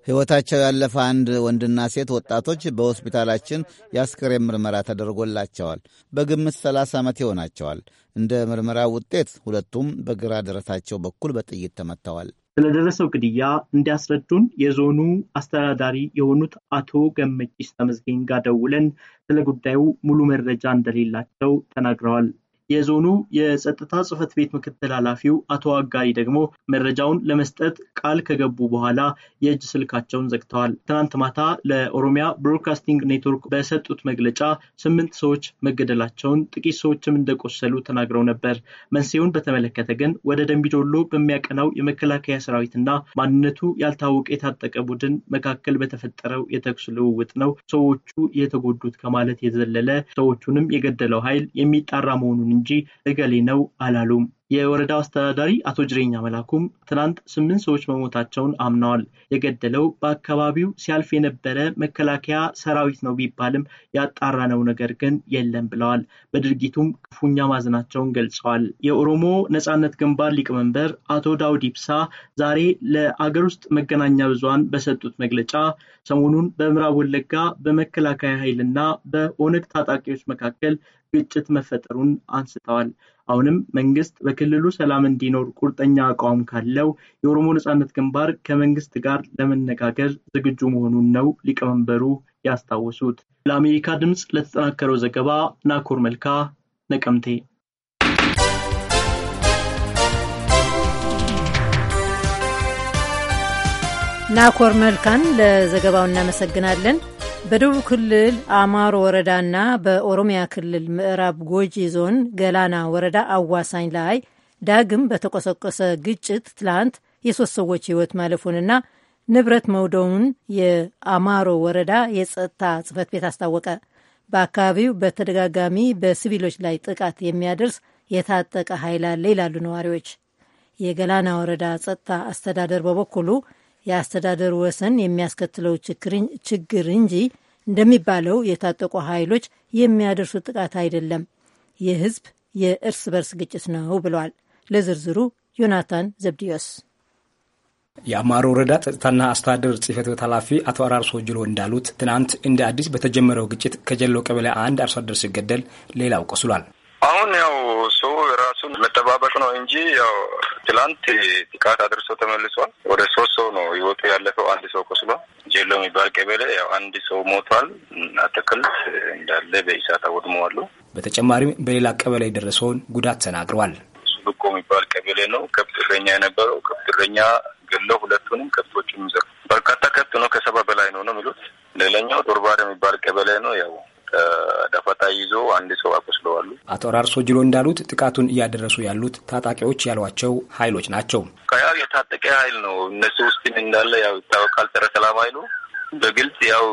ሕይወታቸው ያለፈ አንድ ወንድና ሴት ወጣቶች በሆስፒታላችን የአስክሬን ምርመራ ተደርጎላቸዋል። በግምት ሰላሳ ዓመት ይሆናቸዋል። እንደ ምርመራ ውጤት ሁለቱም በግራ ደረታቸው በኩል በጥይት ተመትተዋል። ስለደረሰው ግድያ እንዲያስረዱን የዞኑ አስተዳዳሪ የሆኑት አቶ ገመጭስ ተመስገን ጋር ደውለን ስለ ጉዳዩ ሙሉ መረጃ እንደሌላቸው ተናግረዋል። የዞኑ የጸጥታ ጽህፈት ቤት ምክትል ኃላፊው አቶ አጋሪ ደግሞ መረጃውን ለመስጠት ቃል ከገቡ በኋላ የእጅ ስልካቸውን ዘግተዋል። ትናንት ማታ ለኦሮሚያ ብሮድካስቲንግ ኔትወርክ በሰጡት መግለጫ ስምንት ሰዎች መገደላቸውን ጥቂት ሰዎችም እንደቆሰሉ ተናግረው ነበር። መንስኤውን በተመለከተ ግን ወደ ደንቢዶሎ በሚያቀናው የመከላከያ ሰራዊትና ማንነቱ ያልታወቀ የታጠቀ ቡድን መካከል በተፈጠረው የተኩስ ልውውጥ ነው ሰዎቹ የተጎዱት ከማለት የዘለለ ሰዎቹንም የገደለው ኃይል የሚጣራ መሆኑን እንጂ እገሌ ነው አላሉም የወረዳው አስተዳዳሪ አቶ ጅሬኛ መላኩም ትናንት ስምንት ሰዎች መሞታቸውን አምነዋል። የገደለው በአካባቢው ሲያልፍ የነበረ መከላከያ ሰራዊት ነው ቢባልም ያጣራነው ነገር ግን የለም ብለዋል። በድርጊቱም ክፉኛ ማዘናቸውን ገልጸዋል። የኦሮሞ ነጻነት ግንባር ሊቀመንበር አቶ ዳውድ ኢብሳ ዛሬ ለአገር ውስጥ መገናኛ ብዙሃን በሰጡት መግለጫ ሰሞኑን በምዕራብ ወለጋ በመከላከያ ኃይልና በኦነግ ታጣቂዎች መካከል ግጭት መፈጠሩን አንስተዋል። አሁንም መንግስት በክልሉ ሰላም እንዲኖር ቁርጠኛ አቋም ካለው የኦሮሞ ነጻነት ግንባር ከመንግስት ጋር ለመነጋገር ዝግጁ መሆኑን ነው ሊቀመንበሩ ያስታወሱት። ለአሜሪካ ድምፅ ለተጠናከረው ዘገባ ናኮር መልካ ነቀምቴ። ናኮር መልካን ለዘገባው እናመሰግናለን። በደቡብ ክልል አማሮ ወረዳና በኦሮሚያ ክልል ምዕራብ ጎጂ ዞን ገላና ወረዳ አዋሳኝ ላይ ዳግም በተቆሰቆሰ ግጭት ትላንት የሶስት ሰዎች ህይወት ማለፉንና ንብረት መውደውን የአማሮ ወረዳ የጸጥታ ጽፈት ቤት አስታወቀ። በአካባቢው በተደጋጋሚ በሲቪሎች ላይ ጥቃት የሚያደርስ የታጠቀ ኃይል አለ ይላሉ ነዋሪዎች። የገላና ወረዳ ጸጥታ አስተዳደር በበኩሉ የአስተዳደር ወሰን የሚያስከትለው ችግር እንጂ እንደሚባለው የታጠቁ ኃይሎች የሚያደርሱት ጥቃት አይደለም፣ የህዝብ የእርስ በርስ ግጭት ነው ብለዋል። ለዝርዝሩ ዮናታን ዘብዲዮስ። የአማሮ ወረዳ ጸጥታና አስተዳደር ጽህፈት ቤት ኃላፊ አቶ አራርሶ ጅሎ እንዳሉት ትናንት እንደ አዲስ በተጀመረው ግጭት ከጀሎ ቀበሌ አንድ አርሶ አደር ሲገደል ሌላው ቆስሏል። አሁን ያው ሰው ራሱን መጠባበቅ ነው እንጂ ያው ትላንት ጥቃት አድርሶ ተመልሷል። ወደ ሶስት ሰው ነው ህይወቱ ያለፈው። አንድ ሰው ቆስሏል። ጀሎ የሚባል ቀበሌ ያው አንድ ሰው ሞቷል። አትክልት እንዳለ በኢሳት አወድመዋሉ። በተጨማሪም በሌላ ቀበሌ የደረሰውን ጉዳት ተናግረዋል። ሱሉቆ የሚባል ቀበሌ ነው ከብት እረኛ የነበረው ከብት እረኛ ገለው ሁለቱንም ከብቶቹም ዘር በርካታ ከብት ነው ከሰባ በላይ ነው ነው የሚሉት። ሌላኛው ዶርባር የሚባል ቀበሌ ነው ያው ደፈጣ ይዞ አንድ ሰው አቆስለዋሉ። አቶ ራርሶ ጅሎ እንዳሉት ጥቃቱን እያደረሱ ያሉት ታጣቂዎች ያሏቸው ኃይሎች ናቸው። ያው የታጠቀ ኃይል ነው እነሱ ውስጥ እንዳለ ያው ይታወቃል። ጸረ ሰላም ኃይሉ በግልጽ ያው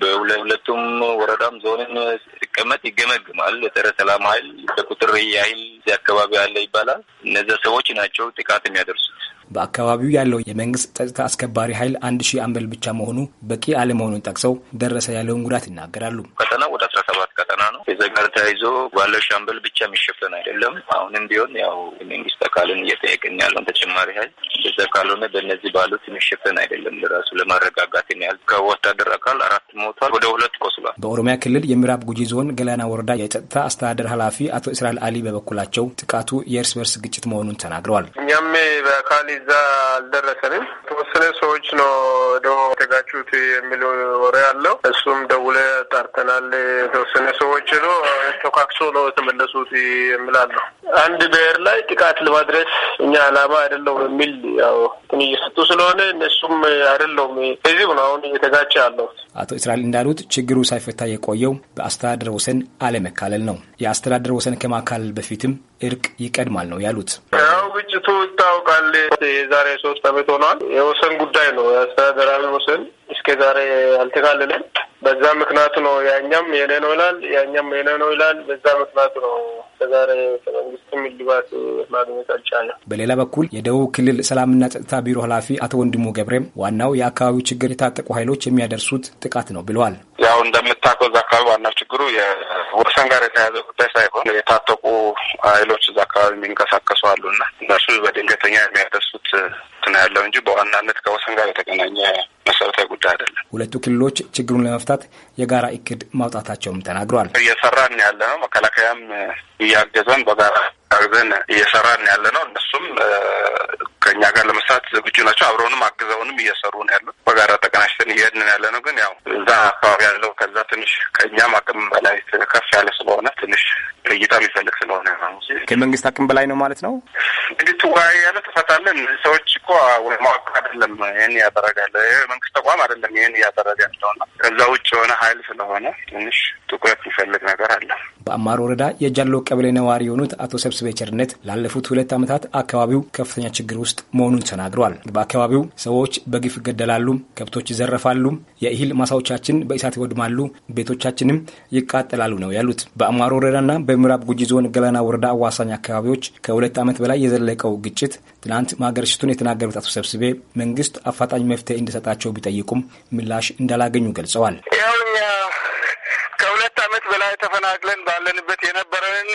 በሁለቱም ወረዳም ዞንን ሲቀመጥ ይገመግማል። የጸረ ሰላም ኃይል በቁጥር ያህል አካባቢ አለ ይባላል። እነዚያ ሰዎች ናቸው ጥቃት የሚያደርሱት። በአካባቢው ያለው የመንግስት ጸጥታ አስከባሪ ኃይል አንድ ሺህ አምበል ብቻ መሆኑ በቂ አለመሆኑን ጠቅሰው ደረሰ ያለውን ጉዳት ይናገራሉ። ቀጠና ወደ አስራ ሰባት ቀጠና ነው። ከዛ ጋር ተያይዞ ባለው ሻምበል ብቻ የሚሸፈን አይደለም። አሁንም ቢሆን ያው የመንግስት አካልን እየጠየቅን ያለውን ተጨማሪ ኃይል በዛ ካልሆነ በእነዚህ ባሉት የሚሸፈን አይደለም። ለራሱ ለማረጋጋት ያህል ከወታደር አካል አራት ሞቷል፣ ወደ ሁለት ቆስሏል። በኦሮሚያ ክልል የምዕራብ ጉጂ ዞን ገላና ወረዳ የጸጥታ አስተዳደር ኃላፊ አቶ እስራኤል አሊ በበኩላቸው ጥቃቱ የእርስ በርስ ግጭት መሆኑን ተናግረዋል። እኛም በአካል እዛ አልደረሰንም። ተወሰነ ሰዎች ነው ደው ተጋጩት የሚል ወሬ አለው። እሱም ደውለ ጠርተናል። የተወሰነ ሰዎች ነው ተኳክሶ ነው የተመለሱት የሚላለሁ አንድ ብሔር ላይ ጥቃት ለማድረስ እኛ አላማ አይደለውም የሚል ያው እየሰጡ ስለሆነ እነሱም አይደለውም ህዝብ ነው አሁን እየተጋጨ ያለሁት አቶ እስራኤል እንዳሉት ችግሩ ሳይፈታ የቆየው በአስተዳደር ወሰን አለመካለል ነው። የአስተዳደር ወሰን ከማካለል በፊትም እርቅ ይቀድማል ነው ያሉት። ያው ግጭቱ ይታወቃል። የዛሬ ሶስት ዓመት ሆኗል። የወሰን ጉዳይ ነው። የአስተዳደራዊ ወሰን እስከ ዛሬ አልተካለለም። በዛ ምክንያቱ ነው ያኛም የኔ ነው ይላል፣ ያኛም የኔ ነው ይላል። በዛ ምክንያቱ ነው በሌላ በኩል የደቡብ ክልል ሰላምና ጸጥታ ቢሮ ኃላፊ አቶ ወንድሙ ገብሬም ዋናው የአካባቢው ችግር የታጠቁ ኃይሎች የሚያደርሱት ጥቃት ነው ብለዋል። ያው እንደምታውቀው እዛ አካባቢ ዋናው ችግሩ የወሰን ጋር የተያያዘ ጉዳይ ሳይሆን የታጠቁ ኃይሎች እዛ አካባቢ የሚንቀሳቀሱ አሉና እነሱ በድንገተኛ የሚያደርሱት እንትን ያለው እንጂ በዋናነት ከወሰን ጋር የተገናኘ መሰረታዊ ጉዳይ አይደለም። ሁለቱ ክልሎች ችግሩን ለመፍታት የጋራ እቅድ ማውጣታቸውም ተናግሯል። እየሰራን ያለ ነው። መከላከያም እያገዘን በጋራ አግዘን እየሰራን ያለ ነው። እነሱም ከእኛ ጋር ለመስራት ዝግጁ ናቸው። አብረውንም አግዘውንም እየሰሩ ነው ያለው። በጋራ ተቀናጅተን እየሄድን ያለ ነው። ግን ያው እዛ አካባቢ ያለው ከዛ ትንሽ ከእኛም አቅም በላይ ከፍ ያለ ስለሆነ ትንሽ እይታ የሚፈልግ ስለሆነ ከመንግስት አቅም በላይ ነው ማለት ነው። እንግዲህ ትወያይ ያለ ትፈታለን። ሰዎች እኮ ማወቅ አይደለም ይህን እያደረጋለ መንግስት ተቋም አይደለም ይህን እያደረገ ያለውና ከዛ ውጭ የሆነ ኃይል ስለሆነ ትንሽ ትኩረት የሚፈልግ ነገር አለ። በአማር ወረዳ የጃሎ ቀበሌ ነዋሪ የሆኑት አቶ ሰብስቤ ቸርነት ላለፉት ሁለት ዓመታት አካባቢው ከፍተኛ ችግር ውስጥ መሆኑን ተናግረዋል። በአካባቢው ሰዎች በግፍ ይገደላሉ፣ ከብቶች ይዘረፋሉ፣ የእህል ማሳዎቻችን በእሳት ይወድማሉ፣ ቤቶቻችንም ይቃጠላሉ ነው ያሉት። በአማር ወረዳና በምዕራብ ጉጂ ዞን ገላና ወረዳ አዋሳኝ አካባቢዎች ከሁለት ዓመት በላይ የዘለቀው ግጭት ትናንት ማገርሽቱን የተናገሩት አቶ ሰብስቤ መንግስት አፋጣኝ መፍትሄ እንዲሰጣቸው ቢጠይቁም ምላሽ እንዳላገኙ ገልጸዋል። ከሁለት ዓመት በላይ ተፈናቅለን ባለንበት የነበረን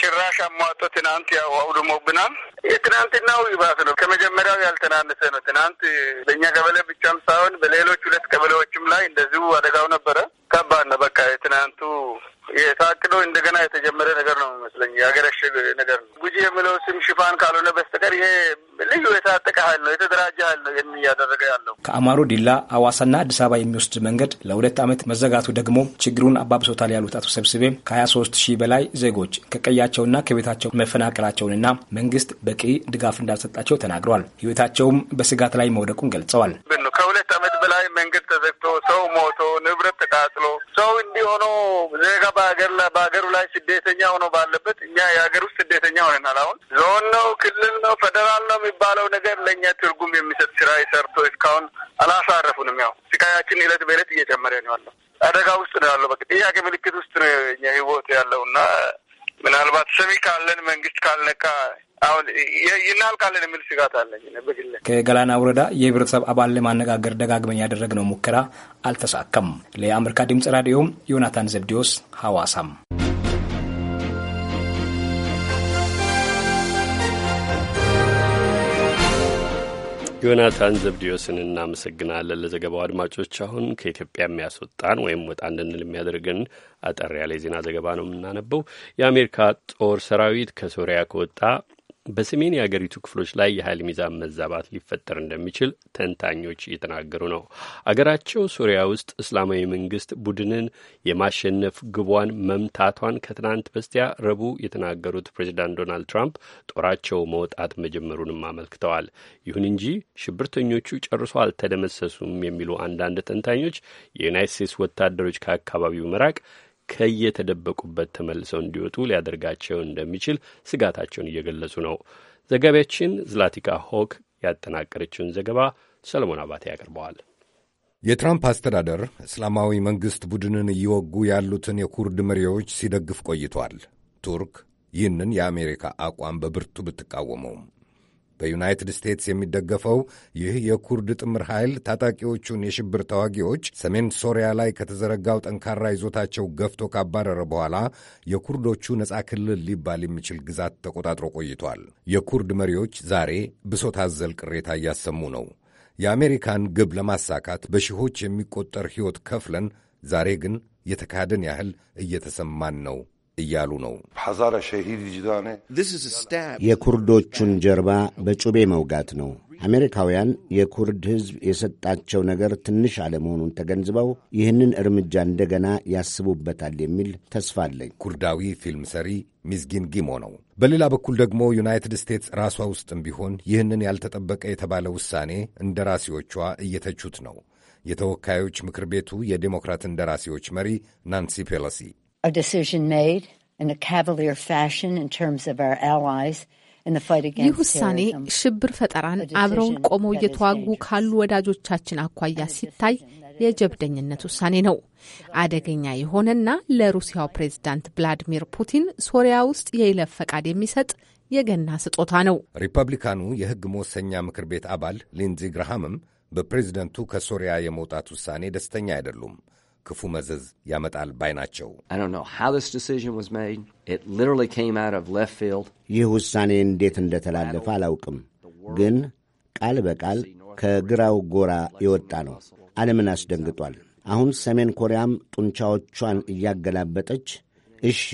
ጭራሽ አሟጦ ትናንት ያው አውድሞብናል። የትናንትናው ይባስ ነው። ከመጀመሪያው ያልተናነሰ ነው። ትናንት በእኛ ቀበሌ ብቻም ሳይሆን በሌሎች ሁለት ቀበሌዎችም ላይ እንደዚሁ አደጋው ነበረ። ከባድ ነው። በቃ የትናንቱ የታቅዶ እንደገና የተጀመረ ነገር ነው የሚመስለኝ። የሀገረሽ ነገር ነው። ጉጂ የሚለው ስም ሽፋን ካልሆነ በስተቀር ይሄ ልዩ የታጠቀ ኃይል ነው፣ የተደራጀ ኃይል ነው ይህን እያደረገ ያለው። ከአማሮ ዲላ አዋሳና አዲስ አበባ የሚወስድ መንገድ ለሁለት ዓመት መዘጋቱ ደግሞ ችግሩን አባብሶታል ያሉት አቶ ሰብስቤ ከ23 ሺህ በላይ ዜጎች ከቀያቸውና ከቤታቸው መፈናቀላቸውንና መንግስት በቂ ድጋፍ እንዳልሰጣቸው ተናግረዋል። ህይወታቸውም በስጋት ላይ መውደቁን ገልጸዋል። ከሁለት ዓመት በላይ መንገድ ተዘግቶ ሰው ንብረት ተቃጥሎ ሰው እንዲህ ሆኖ ዜጋ በሀገር በሀገሩ ላይ ስደተኛ ሆኖ ባለበት እኛ የሀገር ውስጥ ስደተኛ ሆነናል። አሁን ዞን ነው፣ ክልል ነው፣ ፌደራል ነው የሚባለው ነገር ለእኛ ትርጉም የሚሰጥ ስራ ሰርቶ እስካሁን አላሳረፉንም። ያው ስቃያችን ዕለት በዕለት እየጨመረ ነው ያለው። አደጋ ውስጥ ነው ያለው። በቃ ጥያቄ ምልክት ውስጥ ነው የኛ ህይወት ያለው እና ምናልባት ሰሚ ካለን መንግስት ካልነካ አሁን ይናልቃለን የሚል ስጋት አለኝ በግል። ከገላና ወረዳ የህብረተሰብ አባል ለማነጋገር ደጋግመን ያደረግነው ሙከራ አልተሳካም። ለአሜሪካ ድምጽ ራዲዮ ዮናታን ዘብዲዮስ ሐዋሳም ዮናታን ዘብድዮስን እናመሰግናለን ለዘገባው። አድማጮች አሁን ከኢትዮጵያ የሚያስወጣን ወይም ወጣ እንድንል የሚያደርገን አጠር ያለ የዜና ዘገባ ነው የምናነበው። የአሜሪካ ጦር ሰራዊት ከሶሪያ ከወጣ በሰሜን የአገሪቱ ክፍሎች ላይ የኃይል ሚዛን መዛባት ሊፈጠር እንደሚችል ተንታኞች እየተናገሩ ነው። አገራቸው ሱሪያ ውስጥ እስላማዊ መንግስት ቡድንን የማሸነፍ ግቧን መምታቷን ከትናንት በስቲያ ረቡዕ የተናገሩት ፕሬዚዳንት ዶናልድ ትራምፕ ጦራቸው መውጣት መጀመሩንም አመልክተዋል። ይሁን እንጂ ሽብርተኞቹ ጨርሶ አልተደመሰሱም የሚሉ አንዳንድ ተንታኞች የዩናይት ስቴትስ ወታደሮች ከአካባቢው መራቅ ከየተደበቁበት ተመልሰው እንዲወጡ ሊያደርጋቸው እንደሚችል ስጋታቸውን እየገለጹ ነው። ዘጋቢያችን ዝላቲካ ሆክ ያጠናቀረችውን ዘገባ ሰለሞን አባቴ ያቀርበዋል። የትራምፕ አስተዳደር እስላማዊ መንግሥት ቡድንን እየወጉ ያሉትን የኩርድ መሪዎች ሲደግፍ ቆይቷል። ቱርክ ይህንን የአሜሪካ አቋም በብርቱ ብትቃወመውም በዩናይትድ ስቴትስ የሚደገፈው ይህ የኩርድ ጥምር ኃይል ታጣቂዎቹን የሽብር ተዋጊዎች ሰሜን ሶሪያ ላይ ከተዘረጋው ጠንካራ ይዞታቸው ገፍቶ ካባረረ በኋላ የኩርዶቹ ነፃ ክልል ሊባል የሚችል ግዛት ተቆጣጥሮ ቆይቷል። የኩርድ መሪዎች ዛሬ ብሶት አዘል ቅሬታ እያሰሙ ነው። የአሜሪካን ግብ ለማሳካት በሺዎች የሚቆጠር ሕይወት ከፍለን ዛሬ ግን የተካሄደን ያህል እየተሰማን ነው እያሉ ነው። የኩርዶቹን ጀርባ በጩቤ መውጋት ነው። አሜሪካውያን የኩርድ ሕዝብ የሰጣቸው ነገር ትንሽ አለመሆኑን ተገንዝበው ይህንን እርምጃ እንደገና ያስቡበታል የሚል ተስፋ አለኝ። ኩርዳዊ ፊልም ሰሪ ሚዝጊን ጊሞ ነው። በሌላ በኩል ደግሞ ዩናይትድ ስቴትስ ራሷ ውስጥም ቢሆን ይህንን ያልተጠበቀ የተባለ ውሳኔ እንደራሴዎቿ እየተቹት ነው። የተወካዮች ምክር ቤቱ የዴሞክራት እንደራሴዎች መሪ ናንሲ ፔሎሲ a decision made in a cavalier fashion in terms of our allies ይህ ውሳኔ ሽብር ፈጠራን አብረውን ቆመው እየተዋጉ ካሉ ወዳጆቻችን አኳያ ሲታይ የጀብደኝነት ውሳኔ ነው። አደገኛ የሆነና ለሩሲያው ፕሬዝዳንት ቭላዲሚር ፑቲን ሶሪያ ውስጥ የይለፍ ፈቃድ የሚሰጥ የገና ስጦታ ነው። ሪፐብሊካኑ የሕግ መወሰኛ ምክር ቤት አባል ሊንዚ ግርሃምም በፕሬዝደንቱ ከሶሪያ የመውጣት ውሳኔ ደስተኛ አይደሉም። ክፉ መዘዝ ያመጣል ባይ ናቸው። ይህ ውሳኔ እንዴት እንደተላለፈ አላውቅም፣ ግን ቃል በቃል ከግራው ጎራ የወጣ ነው። ዓለምን አስደንግጧል። አሁን ሰሜን ኮሪያም ጡንቻዎቿን እያገላበጠች እሺ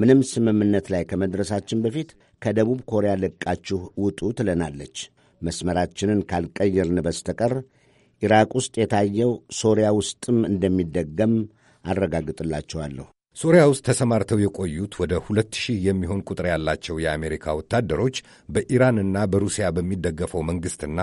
ምንም ስምምነት ላይ ከመድረሳችን በፊት ከደቡብ ኮሪያ ለቃችሁ ውጡ ትለናለች። መስመራችንን ካልቀየርን በስተቀር ኢራቅ ውስጥ የታየው ሶሪያ ውስጥም እንደሚደገም አረጋግጥላቸዋለሁ። ሶሪያ ውስጥ ተሰማርተው የቆዩት ወደ ሁለት ሺህ የሚሆን ቁጥር ያላቸው የአሜሪካ ወታደሮች በኢራንና በሩሲያ በሚደገፈው መንግሥትና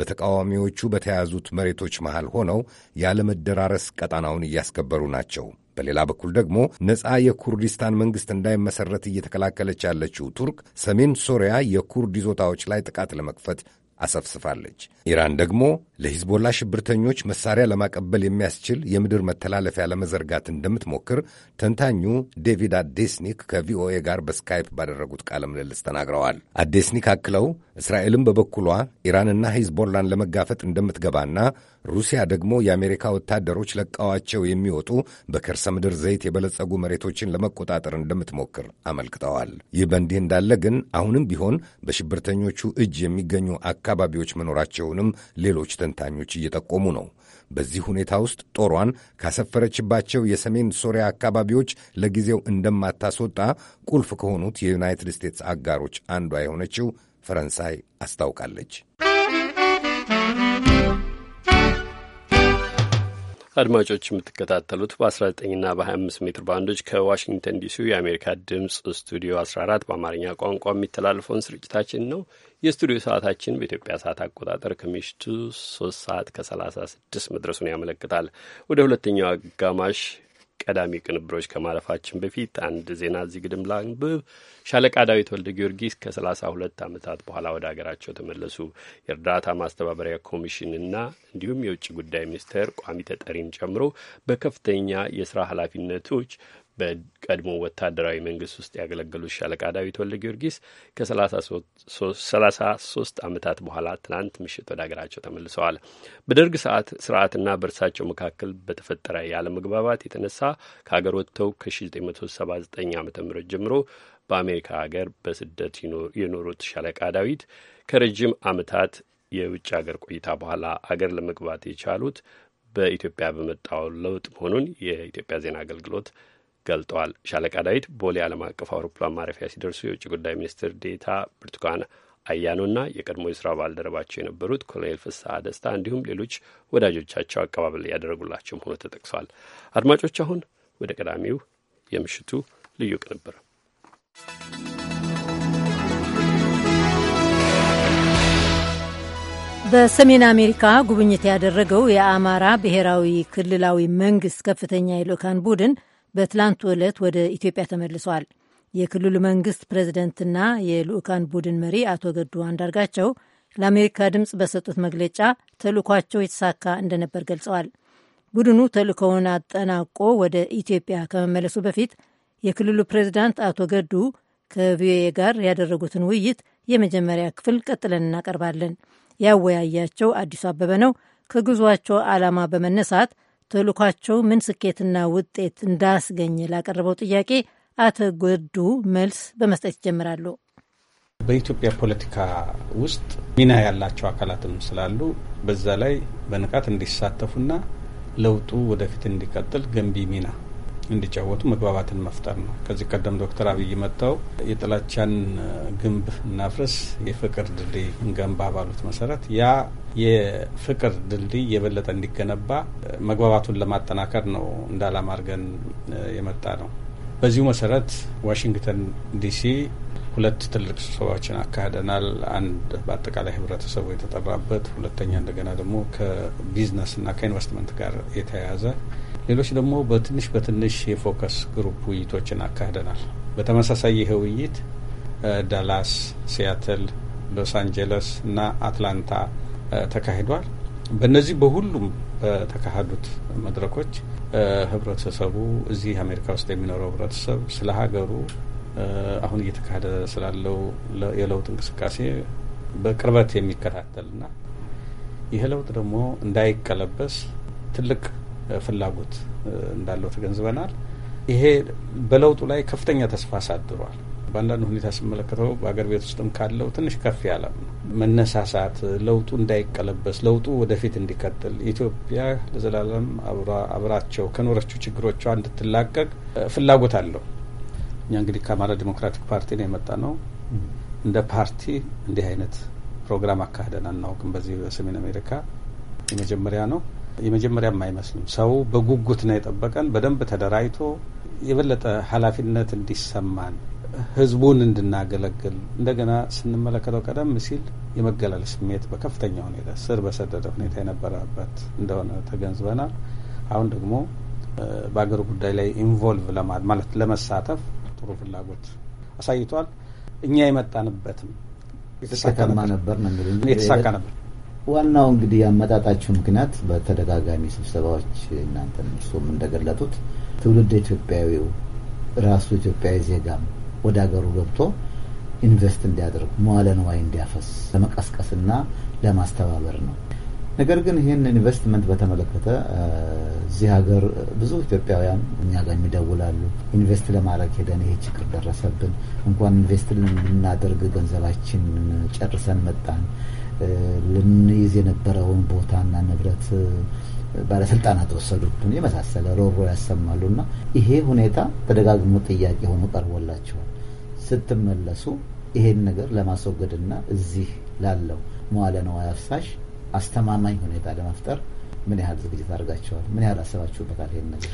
በተቃዋሚዎቹ በተያዙት መሬቶች መሃል ሆነው ያለመደራረስ ቀጣናውን እያስከበሩ ናቸው። በሌላ በኩል ደግሞ ነፃ የኩርዲስታን መንግሥት እንዳይመሠረት እየተከላከለች ያለችው ቱርክ ሰሜን ሶሪያ የኩርድ ይዞታዎች ላይ ጥቃት ለመክፈት አሰፍስፋለች። ኢራን ደግሞ ለሂዝቦላ ሽብርተኞች መሳሪያ ለማቀበል የሚያስችል የምድር መተላለፊያ ለመዘርጋት እንደምትሞክር ተንታኙ ዴቪድ አዴስኒክ ከቪኦኤ ጋር በስካይፕ ባደረጉት ቃለ ምልልስ ተናግረዋል። አዴስኒክ አክለው እስራኤልም በበኩሏ ኢራንና ሂዝቦላን ለመጋፈጥ እንደምትገባና ሩሲያ ደግሞ የአሜሪካ ወታደሮች ለቀዋቸው የሚወጡ በከርሰ ምድር ዘይት የበለጸጉ መሬቶችን ለመቆጣጠር እንደምትሞክር አመልክተዋል። ይህ በእንዲህ እንዳለ ግን አሁንም ቢሆን በሽብርተኞቹ እጅ የሚገኙ አካባቢዎች መኖራቸውንም ሌሎች ተንታኞች እየጠቆሙ ነው። በዚህ ሁኔታ ውስጥ ጦሯን ካሰፈረችባቸው የሰሜን ሶሪያ አካባቢዎች ለጊዜው እንደማታስወጣ ቁልፍ ከሆኑት የዩናይትድ ስቴትስ አጋሮች አንዷ የሆነችው ፈረንሳይ አስታውቃለች። አድማጮች የምትከታተሉት በ19ና በ25 ሜትር ባንዶች ከዋሽንግተን ዲሲ የአሜሪካ ድምፅ ስቱዲዮ 14 በአማርኛ ቋንቋ የሚተላለፈውን ስርጭታችን ነው። የስቱዲዮ ሰዓታችን በኢትዮጵያ ሰዓት አቆጣጠር ከምሽቱ 3 ሰዓት ከ36 መድረሱን ያመለክታል። ወደ ሁለተኛው አጋማሽ ቀዳሚ ቅንብሮች ከማለፋችን በፊት አንድ ዜና እዚህ ግድም ላንብብ። ሻለቃ ዳዊት ወልደ ጊዮርጊስ ከሰላሳ ሁለት ዓመታት በኋላ ወደ ሀገራቸው ተመለሱ። የእርዳታ ማስተባበሪያ ኮሚሽንና እንዲሁም የውጭ ጉዳይ ሚኒስቴር ቋሚ ተጠሪን ጨምሮ በከፍተኛ የስራ ኃላፊነቶች በቀድሞ ወታደራዊ መንግስት ውስጥ ያገለገሉት ሻለቃ ዳዊት ወልደ ጊዮርጊስ ከሰላሳ ሶስት ዓመታት በኋላ ትናንት ምሽት ወደ ሀገራቸው ተመልሰዋል። በደርግ ሰዓት ስርዓትና በእርሳቸው መካከል በተፈጠረ ያለመግባባት የተነሳ ከሀገር ወጥተው ከ1979 ዓ ም ጀምሮ በአሜሪካ ሀገር በስደት የኖሩት ሻለቃ ዳዊት ከረጅም ዓመታት የውጭ ሀገር ቆይታ በኋላ አገር ለመግባት የቻሉት በኢትዮጵያ በመጣው ለውጥ መሆኑን የኢትዮጵያ ዜና አገልግሎት ገልጠዋል። ሻለቃ ዳዊት ቦሌ ዓለም አቀፍ አውሮፕላን ማረፊያ ሲደርሱ የውጭ ጉዳይ ሚኒስትር ዴታ ብርቱካን አያኖና የቀድሞ የስራ ባልደረባቸው የነበሩት ኮሎኔል ፍስሐ ደስታ እንዲሁም ሌሎች ወዳጆቻቸው አቀባበል ያደረጉላቸው መሆኑ ተጠቅሷል። አድማጮች አሁን ወደ ቀዳሚው የምሽቱ ልዩ ቅንብር በሰሜን አሜሪካ ጉብኝት ያደረገው የአማራ ብሔራዊ ክልላዊ መንግስት ከፍተኛ የልዑካን ቡድን በትላንት ዕለት ወደ ኢትዮጵያ ተመልሰዋል። የክልሉ መንግስት ፕሬዚደንትና የልዑካን ቡድን መሪ አቶ ገዱ አንዳርጋቸው ለአሜሪካ ድምፅ በሰጡት መግለጫ ተልእኳቸው የተሳካ እንደነበር ገልጸዋል። ቡድኑ ተልእኮውን አጠናቆ ወደ ኢትዮጵያ ከመመለሱ በፊት የክልሉ ፕሬዚዳንት አቶ ገዱ ከቪኦኤ ጋር ያደረጉትን ውይይት የመጀመሪያ ክፍል ቀጥለን እናቀርባለን። ያወያያቸው አዲሱ አበበ ነው። ከጉዟቸው ዓላማ በመነሳት ተልኳቸው ምን ስኬትና ውጤት እንዳስገኘ ላቀረበው ጥያቄ አቶ ጎዱ መልስ በመስጠት ይጀምራሉ። በኢትዮጵያ ፖለቲካ ውስጥ ሚና ያላቸው አካላትም ስላሉ በዛ ላይ በንቃት እንዲሳተፉና ለውጡ ወደፊት እንዲቀጥል ገንቢ ሚና እንዲጫወቱ መግባባትን መፍጠር ነው። ከዚህ ቀደም ዶክተር አብይ መጥተው የጥላቻን ግንብ እናፍርስ፣ የፍቅር ድልድይ እንገንባ ባሉት መሰረት ያ የፍቅር ድልድይ የበለጠ እንዲገነባ መግባባቱን ለማጠናከር ነው እንደ አላማ አድርገን የመጣ ነው። በዚሁ መሰረት ዋሽንግተን ዲሲ ሁለት ትልቅ ስብሰባዎችን አካሂደናል። አንድ በአጠቃላይ ህብረተሰቡ የተጠራበት፣ ሁለተኛ እንደገና ደግሞ ከቢዝነስና ከኢንቨስትመንት ጋር የተያያዘ ሌሎች ደግሞ በትንሽ በትንሽ የፎከስ ግሩፕ ውይይቶችን አካሂደናል። በተመሳሳይ ይህ ውይይት ዳላስ፣ ሲያትል፣ ሎስ አንጀለስ እና አትላንታ ተካሂዷል። በእነዚህ በሁሉም በተካሄዱት መድረኮች ህብረተሰቡ እዚህ አሜሪካ ውስጥ የሚኖረው ህብረተሰብ ስለ ሀገሩ አሁን እየተካሄደ ስላለው የለውጥ እንቅስቃሴ በቅርበት የሚከታተልና ይህ ለውጥ ደግሞ እንዳይቀለበስ ትልቅ ፍላጎት እንዳለው ተገንዝበናል። ይሄ በለውጡ ላይ ከፍተኛ ተስፋ አሳድሯል። በአንዳንድ ሁኔታ ስመለከተው በአገር ቤት ውስጥም ካለው ትንሽ ከፍ ያለ መነሳሳት ለውጡ እንዳይቀለበስ ለውጡ ወደፊት እንዲቀጥል ኢትዮጵያ ለዘላለም አብራቸው ከኖረችው ችግሮቿ እንድትላቀቅ ፍላጎት አለው። እኛ እንግዲህ ከአማራ ዲሞክራቲክ ፓርቲ ነው የመጣ ነው። እንደ ፓርቲ እንዲህ አይነት ፕሮግራም አካሄደን አናውቅም። በዚህ በሰሜን አሜሪካ የመጀመሪያ ነው። የመጀመሪያም አይመስልም። ሰው በጉጉት ነው የጠበቀን። በደንብ ተደራጅቶ የበለጠ ኃላፊነት እንዲሰማን ህዝቡን እንድናገለግል እንደገና ስንመለከተው ቀደም ሲል የመገለል ስሜት በከፍተኛ ሁኔታ ስር በሰደደ ሁኔታ የነበረበት እንደሆነ ተገንዝበናል። አሁን ደግሞ በአገር ጉዳይ ላይ ኢንቮልቭ ለማድ ማለት ለመሳተፍ ጥሩ ፍላጎት አሳይቷል። እኛ የመጣንበትም የተሳካ ነበር። ዋናው እንግዲህ ያመጣጣችሁ ምክንያት በተደጋጋሚ ስብሰባዎች እናንተ እርስዎም እንደገለጡት ትውልድ ኢትዮጵያዊው ራሱ ኢትዮጵያዊ ዜጋም ወደ ሀገሩ ገብቶ ኢንቨስት እንዲያደርግ መዋለ ንዋይ እንዲያፈስ ለመቀስቀስና ለማስተባበር ነው። ነገር ግን ይህን ኢንቨስትመንት በተመለከተ እዚህ ሀገር ብዙ ኢትዮጵያውያን እኛ ጋር የሚደውላሉ። ኢንቨስት ለማድረግ ሄደን ይሄ ችግር ደረሰብን፣ እንኳን ኢንቨስት ልናደርግ ገንዘባችን ጨርሰን መጣን ልንይዝ የነበረውን ቦታና ንብረት ባለስልጣናት ወሰዱብን፣ የመሳሰለ ሮሮ ያሰማሉ እና ይሄ ሁኔታ ተደጋግሞ ጥያቄ ሆኖ ቀርቦላቸዋል። ስትመለሱ ይሄን ነገር ለማስወገድና እዚህ ላለው መዋለ ነዋይ አፍሳሽ አስተማማኝ ሁኔታ ለመፍጠር ምን ያህል ዝግጅት አድርጋቸዋል? ምን ያህል አሰባችሁበታል? ይሄን ነገር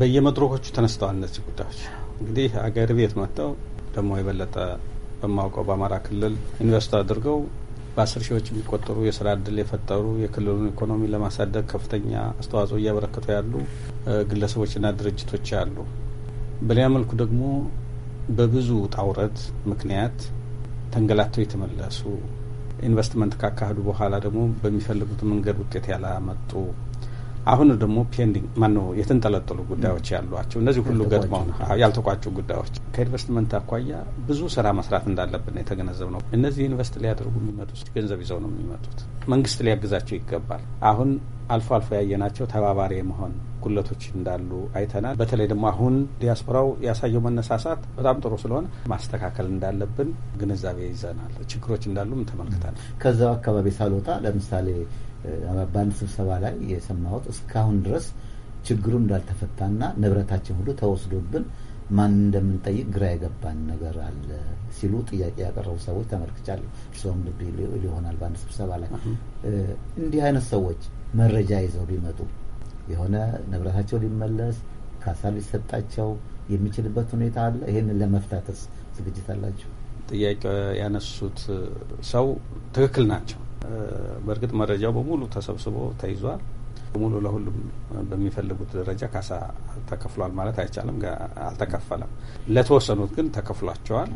በየመድረኮቹ ተነስተዋል። እነዚህ ጉዳዮች እንግዲህ አገር ቤት መጥተው ደግሞ የበለጠ በማውቀው በአማራ ክልል ኢንቨስት አድርገው በአስር ሺዎች የሚቆጠሩ የስራ እድል የፈጠሩ የክልሉን ኢኮኖሚ ለማሳደግ ከፍተኛ አስተዋጽኦ እያበረከቱ ያሉ ግለሰቦችና ድርጅቶች አሉ። በሌላ መልኩ ደግሞ በብዙ ጣውረት ምክንያት ተንገላተው የተመለሱ ኢንቨስትመንት ካካሄዱ በኋላ ደግሞ በሚፈልጉት መንገድ ውጤት ያላመጡ አሁን ደግሞ ፔንዲንግ ማነው የተንጠለጠሉ ጉዳዮች ያሏቸው እነዚህ ሁሉ ገጥመው ያልተቋጩ ጉዳዮች ከኢንቨስትመንት አኳያ ብዙ ስራ መስራት እንዳለብን የተገነዘብ ነው። እነዚህ ኢንቨስት ሊያደርጉ የሚመጡት ገንዘብ ይዘው ነው የሚመጡት። መንግስት ሊያግዛቸው ይገባል። አሁን አልፎ አልፎ ያየናቸው ተባባሪ መሆን ጉለቶች እንዳሉ አይተናል። በተለይ ደግሞ አሁን ዲያስፖራው ያሳየው መነሳሳት በጣም ጥሩ ስለሆነ ማስተካከል እንዳለብን ግንዛቤ ይዘናል። ችግሮች እንዳሉም ተመልክተናል። ከዛው አካባቢ ሳልወጣ ለምሳሌ በአንድ ስብሰባ ላይ የሰማሁት እስካሁን ድረስ ችግሩ እንዳልተፈታና ንብረታችን ሁሉ ተወስዶብን ማን እንደምንጠይቅ ግራ የገባን ነገር አለ ሲሉ ጥያቄ ያቀረቡ ሰዎች ተመልክቻለሁ። እርስዎም ልብ ይሆናል። በአንድ ስብሰባ ላይ እንዲህ አይነት ሰዎች መረጃ ይዘው ቢመጡ የሆነ ንብረታቸው ሊመለስ ካሳ ሊሰጣቸው የሚችልበት ሁኔታ አለ። ይህንን ለመፍታትስ ዝግጅት አላቸው? ጥያቄ ያነሱት ሰው ትክክል ናቸው። በእርግጥ መረጃው በሙሉ ተሰብስቦ ተይዟል። በሙሉ ለሁሉም በሚፈልጉት ደረጃ ካሳ ተከፍሏል ማለት አይቻልም። አልተከፈለም። ለተወሰኑት ግን ተከፍሏቸዋል።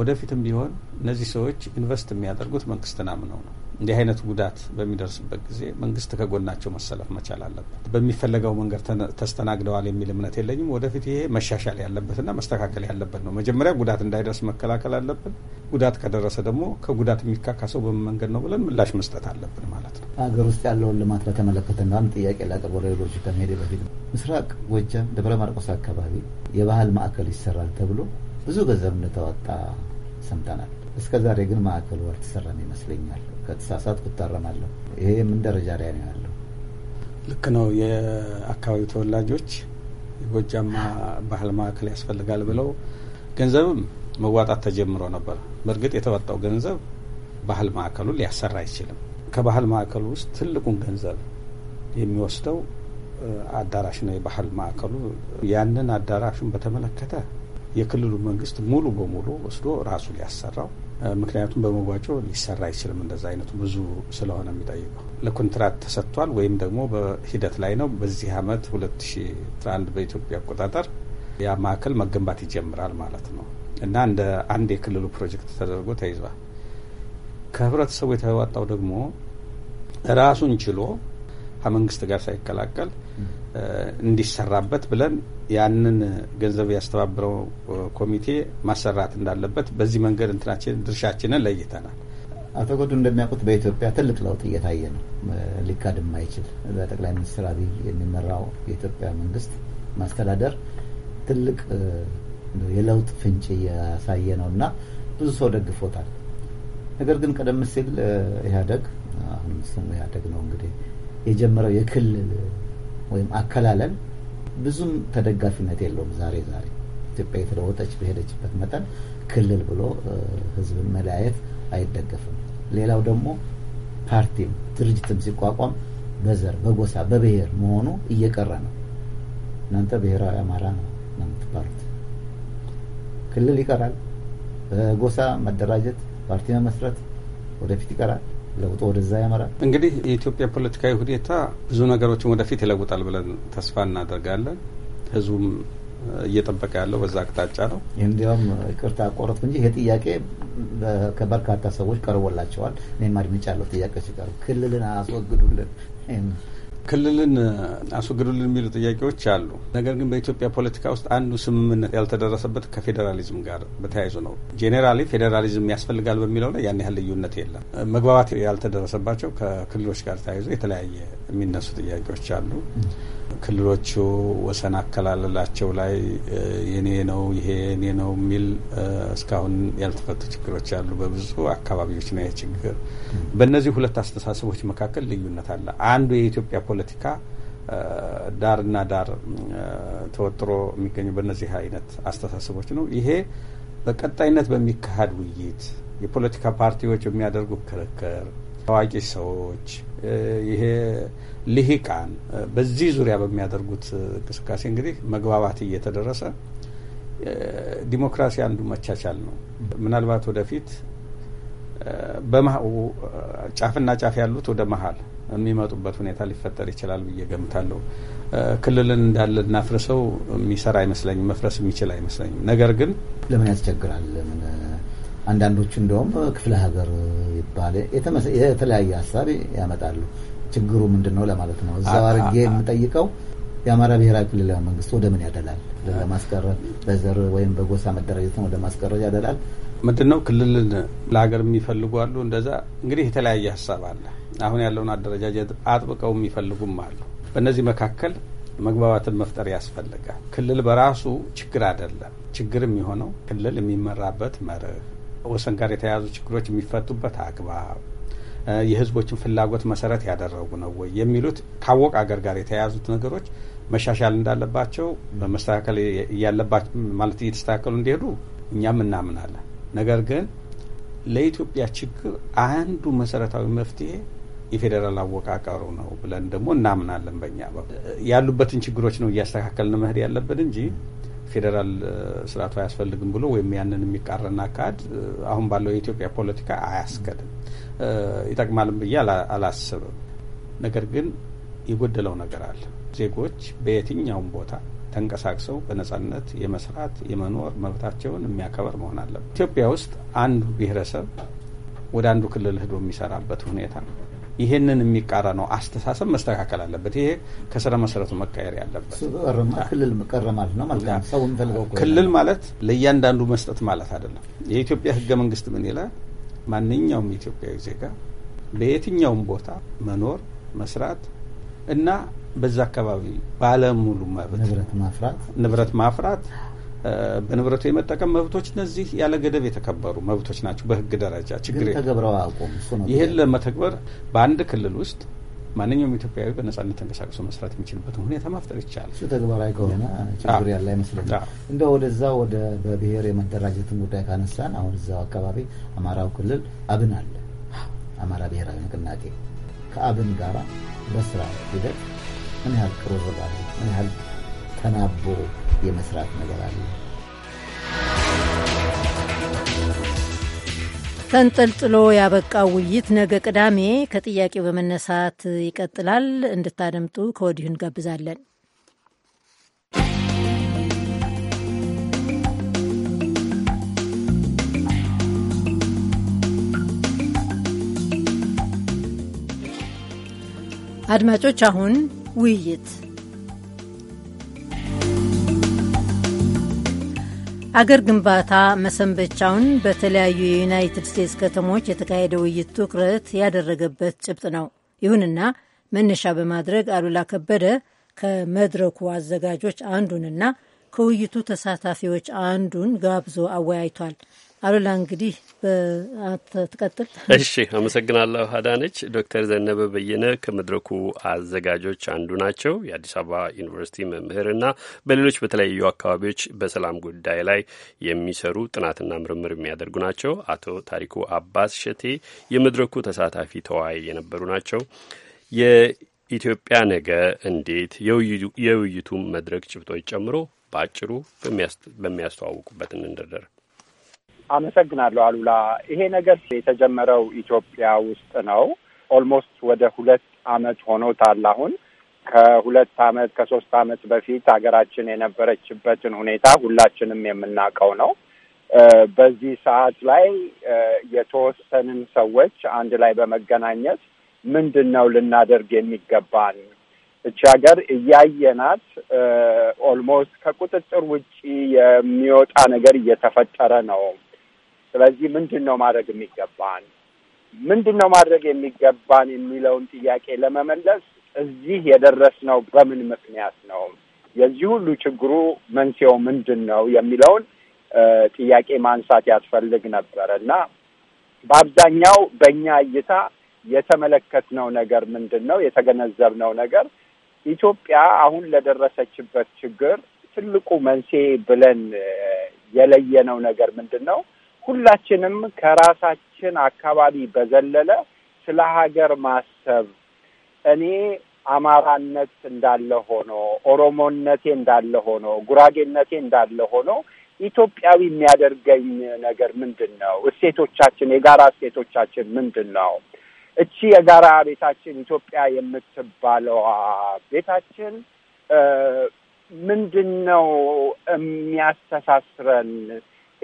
ወደፊትም ቢሆን እነዚህ ሰዎች ኢንቨስት የሚያደርጉት መንግስትን አምነው ነው እንዲህ አይነት ጉዳት በሚደርስበት ጊዜ መንግስት ከጎናቸው መሰለፍ መቻል አለበት። በሚፈለገው መንገድ ተስተናግደዋል የሚል እምነት የለኝም። ወደፊት ይሄ መሻሻል ያለበትና መስተካከል ያለበት ነው። መጀመሪያ ጉዳት እንዳይደርስ መከላከል አለብን። ጉዳት ከደረሰ ደግሞ ከጉዳት የሚካካሰው በምን መንገድ ነው ብለን ምላሽ መስጠት አለብን ማለት ነው። ሀገር ውስጥ ያለውን ልማት በተመለከተ አንድ ጥያቄ ላቀርብ። ወደ ሌሎች ከመሄድ በፊት ምስራቅ ጎጃም ደብረ ማርቆስ አካባቢ የባህል ማዕከል ይሰራል ተብሎ ብዙ ገንዘብ እንደተዋጣ ሰምተናል። እስከ ዛሬ ግን ማዕከሉ አልተሰራም ይመስለኛል። ከተሳሳትኩ እታረማለሁ። ይሄ ምን ደረጃ ላይ ነው ያለው? ልክ ነው። የአካባቢው ተወላጆች የጎጃማ ባህል ማዕከል ያስፈልጋል ብለው ገንዘብም መዋጣት ተጀምሮ ነበር። በእርግጥ የተወጣው ገንዘብ ባህል ማዕከሉን ሊያሰራ አይችልም። ከባህል ማዕከሉ ውስጥ ትልቁን ገንዘብ የሚወስደው አዳራሽ ነው የባህል ማዕከሉ። ያንን አዳራሹን በተመለከተ የክልሉ መንግስት ሙሉ በሙሉ ወስዶ ራሱ ሊያሰራው ምክንያቱም በመዋጮ ሊሰራ አይችልም። እንደዛ አይነቱ ብዙ ስለሆነ የሚጠይቀው ለኮንትራት ተሰጥቷል ወይም ደግሞ በሂደት ላይ ነው። በዚህ አመት 2011 በኢትዮጵያ አቆጣጠር ያ ማዕከል መገንባት ይጀምራል ማለት ነው እና እንደ አንድ የክልሉ ፕሮጀክት ተደርጎ ተይዟል። ከህብረተሰቡ የተዋጣው ደግሞ ራሱን ችሎ ከመንግስት ጋር ሳይቀላቀል እንዲሰራበት ብለን ያንን ገንዘብ ያስተባብረው ኮሚቴ ማሰራት እንዳለበት በዚህ መንገድ እንትናችን ድርሻችንን ለይተናል። አቶ ጎዱ እንደሚያውቁት በኢትዮጵያ ትልቅ ለውጥ እየታየ ነው፣ ሊካድ የማይችል በጠቅላይ ሚኒስትር አብይ የሚመራው የኢትዮጵያ መንግስት ማስተዳደር ትልቅ የለውጥ ፍንጭ እያሳየ ነው እና ብዙ ሰው ደግፎታል። ነገር ግን ቀደም ሲል ኢህአዴግ አሁን ስሙ ኢህአዴግ ነው እንግዲህ የጀመረው የክልል ወይም አከላለል ብዙም ተደጋፊነት የለውም። ዛሬ ዛሬ ኢትዮጵያ የተለወጠች በሄደችበት መጠን ክልል ብሎ ህዝብን መለያየት አይደገፍም። ሌላው ደግሞ ፓርቲም ድርጅትም ሲቋቋም በዘር በጎሳ በብሔር መሆኑ እየቀረ ነው። እናንተ ብሔራዊ አማራ ነው የምትባሉት። ክልል ይቀራል። በጎሳ መደራጀት፣ ፓርቲ መመስረት ወደፊት ይቀራል። ለውጦ ወደዛ ያመራል። እንግዲህ የኢትዮጵያ ፖለቲካዊ ሁኔታ ብዙ ነገሮችን ወደፊት ይለውጣል ብለን ተስፋ እናደርጋለን። ህዝቡም እየጠበቀ ያለው በዛ አቅጣጫ ነው። እንዲያውም ቅርታ አቋረጥኩ እንጂ ይሄ ጥያቄ ከበርካታ ሰዎች ቀርቦላቸዋል። እኔም አድምጫለሁ። ጥያቄ ሲቀርብ ክልልን አስወግዱልን ክልልን አስወግዱልን የሚሉ ጥያቄዎች አሉ። ነገር ግን በኢትዮጵያ ፖለቲካ ውስጥ አንዱ ስምምነት ያልተደረሰበት ከፌዴራሊዝም ጋር በተያይዞ ነው። ጄኔራሊ ፌዴራሊዝም ያስፈልጋል በሚለው ላይ ያን ያህል ልዩነት የለም። መግባባት ያልተደረሰባቸው ከክልሎች ጋር ተያይዞ የተለያየ የሚነሱ ጥያቄዎች አሉ። ክልሎቹ ወሰን አከላለላቸው ላይ የኔ ነው ይሄ የኔ ነው የሚል እስካሁን ያልተፈቱ ችግሮች አሉ። በብዙ አካባቢዎች ነው ይህ ችግር። በእነዚህ ሁለት አስተሳሰቦች መካከል ልዩነት አለ። አንዱ የኢትዮጵያ ፖለቲካ ዳርና ዳር ተወጥሮ የሚገኙ በእነዚህ አይነት አስተሳሰቦች ነው። ይሄ በቀጣይነት በሚካሄድ ውይይት የፖለቲካ ፓርቲዎች የሚያደርጉ ክርክር ታዋቂ ሰዎች ይሄ ልሂቃን በዚህ ዙሪያ በሚያደርጉት እንቅስቃሴ እንግዲህ መግባባት እየተደረሰ ዲሞክራሲ አንዱ መቻቻል ነው። ምናልባት ወደፊት ጫፍና ጫፍ ያሉት ወደ መሀል የሚመጡበት ሁኔታ ሊፈጠር ይችላል ብዬ ገምታለሁ። ክልልን እንዳለ እናፍርሰው የሚሰራ አይመስለኝም፣ መፍረስ የሚችል አይመስለኝም። ነገር ግን ለምን ያስቸግራል? አንዳንዶቹ እንደውም ክፍለ ሀገር ይባል የተለያየ ሀሳብ ያመጣሉ። ችግሩ ምንድን ነው ለማለት ነው። እዛው አድርጌ የምጠይቀው የአማራ ብሔራዊ ክልላዊ መንግስት ወደ ምን ያደላል? ለማስቀረት በዘር ወይም በጎሳ መደራጀትን ወደ ማስቀረት ያደላል። ምንድን ነው ክልልን ለሀገር የሚፈልጉ አሉ። እንደዛ እንግዲህ የተለያየ ሀሳብ አለ። አሁን ያለውን አደረጃጀት አጥብቀው የሚፈልጉም አሉ። በእነዚህ መካከል መግባባትን መፍጠር ያስፈልጋል። ክልል በራሱ ችግር አይደለም። ችግር የሚሆነው ክልል የሚመራበት መርህ ወሰን ጋር የተያያዙ ችግሮች የሚፈቱበት አግባብ የህዝቦችን ፍላጎት መሰረት ያደረጉ ነው ወይ የሚሉት ካወቅ አገር ጋር የተያያዙት ነገሮች መሻሻል እንዳለባቸው በመስተካከል እያለባቸው ማለት እየተስተካከሉ እንዲሄዱ እኛም እናምናለን። ነገር ግን ለኢትዮጵያ ችግር አንዱ መሰረታዊ መፍትሄ የፌዴራል አወቃቀሩ ነው ብለን ደግሞ እናምናለን። በእኛ ያሉበትን ችግሮች ነው እያስተካከልን መሄድ ያለብን እንጂ ፌዴራል ስርዓቱ አያስፈልግም ብሎ ወይም ያንን የሚቃረን አካሄድ አሁን ባለው የኢትዮጵያ ፖለቲካ አያስከድም፣ ይጠቅማልም ብዬ አላስብም። ነገር ግን የጎደለው ነገር አለ። ዜጎች በየትኛውም ቦታ ተንቀሳቅሰው በነጻነት የመስራት የመኖር መብታቸውን የሚያከበር መሆን አለበት። ኢትዮጵያ ውስጥ አንዱ ብሔረሰብ ወደ አንዱ ክልል ሂዶ የሚሰራበት ሁኔታ ይሄንን የሚቃረነው አስተሳሰብ መስተካከል አለበት። ይሄ ከስረ መሰረቱ መቀየር ያለበት ክልል መቀረ ማለት ነው። ክልል ማለት ለእያንዳንዱ መስጠት ማለት አይደለም። የኢትዮጵያ ህገ መንግስት ምን ይላል? ማንኛውም ኢትዮጵያዊ ዜጋ በየትኛውም ቦታ መኖር፣ መስራት እና በዛ አካባቢ ባለሙሉ መብት ንብረት ማፍራት በንብረቱ የመጠቀም መብቶች እነዚህ ያለ ገደብ የተከበሩ መብቶች ናቸው። በህግ ደረጃ ችግር ተገብረው አያውቁም። ይህን ለመተግበር በአንድ ክልል ውስጥ ማንኛውም ኢትዮጵያዊ በነጻነት ተንቀሳቅሶ መስራት የሚችልበትን ሁኔታ ማፍጠር ይቻላል። እሱ ተግባራዊ ከሆነ ችግር ያለ አይመስለኛል። እንደ ወደዛ ወደ በብሔር የመደራጀትን ጉዳይ ካነሳን አሁን እዛው አካባቢ አማራው ክልል አብን አለ። አማራ ብሔራዊ ንቅናቄ ከአብን ጋራ በስራ ሂደት ምን ያህል ቅርብ፣ ምን ያህል ተናቦ የመስራት ነገር አለ። ተንጠልጥሎ ያበቃው ውይይት ነገ ቅዳሜ ከጥያቄው በመነሳት ይቀጥላል። እንድታደምጡ ከወዲሁ እንጋብዛለን። አድማጮች አሁን ውይይት አገር ግንባታ መሰንበቻውን በተለያዩ የዩናይትድ ስቴትስ ከተሞች የተካሄደ ውይይት ትኩረት ያደረገበት ጭብጥ ነው። ይሁንና መነሻ በማድረግ አሉላ ከበደ ከመድረኩ አዘጋጆች አንዱንና ከውይይቱ ተሳታፊዎች አንዱን ጋብዞ አወያይቷል። አሉላ እንግዲህ ትቀጥል። እሺ፣ አመሰግናለሁ አዳነች። ዶክተር ዘነበ በየነ ከመድረኩ አዘጋጆች አንዱ ናቸው። የአዲስ አበባ ዩኒቨርሲቲ መምህርና በሌሎች በተለያዩ አካባቢዎች በሰላም ጉዳይ ላይ የሚሰሩ ጥናትና ምርምር የሚያደርጉ ናቸው። አቶ ታሪኩ አባስ ሸቴ የመድረኩ ተሳታፊ ተወያይ የነበሩ ናቸው። የኢትዮጵያ ነገ እንዴት የውይይቱ መድረክ ጭብጦች ጨምሮ በአጭሩ በሚያስተዋውቁበት እንደርደር። አመሰግናለሁ አሉላ። ይሄ ነገር የተጀመረው ኢትዮጵያ ውስጥ ነው። ኦልሞስት ወደ ሁለት አመት ሆኖታል አሁን ከሁለት አመት ከሶስት አመት በፊት ሀገራችን የነበረችበትን ሁኔታ ሁላችንም የምናውቀው ነው። በዚህ ሰዓት ላይ የተወሰንን ሰዎች አንድ ላይ በመገናኘት ምንድን ነው ልናደርግ የሚገባን እቺ ሀገር እያየናት ኦልሞስት ከቁጥጥር ውጪ የሚወጣ ነገር እየተፈጠረ ነው ስለዚህ ምንድን ነው ማድረግ የሚገባን ምንድን ነው ማድረግ የሚገባን የሚለውን ጥያቄ ለመመለስ እዚህ የደረስነው በምን ምክንያት ነው፣ የዚህ ሁሉ ችግሩ መንስኤው ምንድን ነው የሚለውን ጥያቄ ማንሳት ያስፈልግ ነበር እና በአብዛኛው በእኛ እይታ የተመለከትነው ነገር ምንድን ነው፣ የተገነዘብነው ነገር ኢትዮጵያ አሁን ለደረሰችበት ችግር ትልቁ መንስኤ ብለን የለየነው ነገር ምንድን ነው ሁላችንም ከራሳችን አካባቢ በዘለለ ስለ ሀገር ማሰብ እኔ አማራነት እንዳለ ሆኖ ኦሮሞነቴ እንዳለ ሆኖ ጉራጌነቴ እንዳለ ሆኖ ኢትዮጵያዊ የሚያደርገኝ ነገር ምንድን ነው? እሴቶቻችን፣ የጋራ እሴቶቻችን ምንድን ነው? እቺ የጋራ ቤታችን ኢትዮጵያ የምትባለዋ ቤታችን ምንድን ነው የሚያስተሳስረን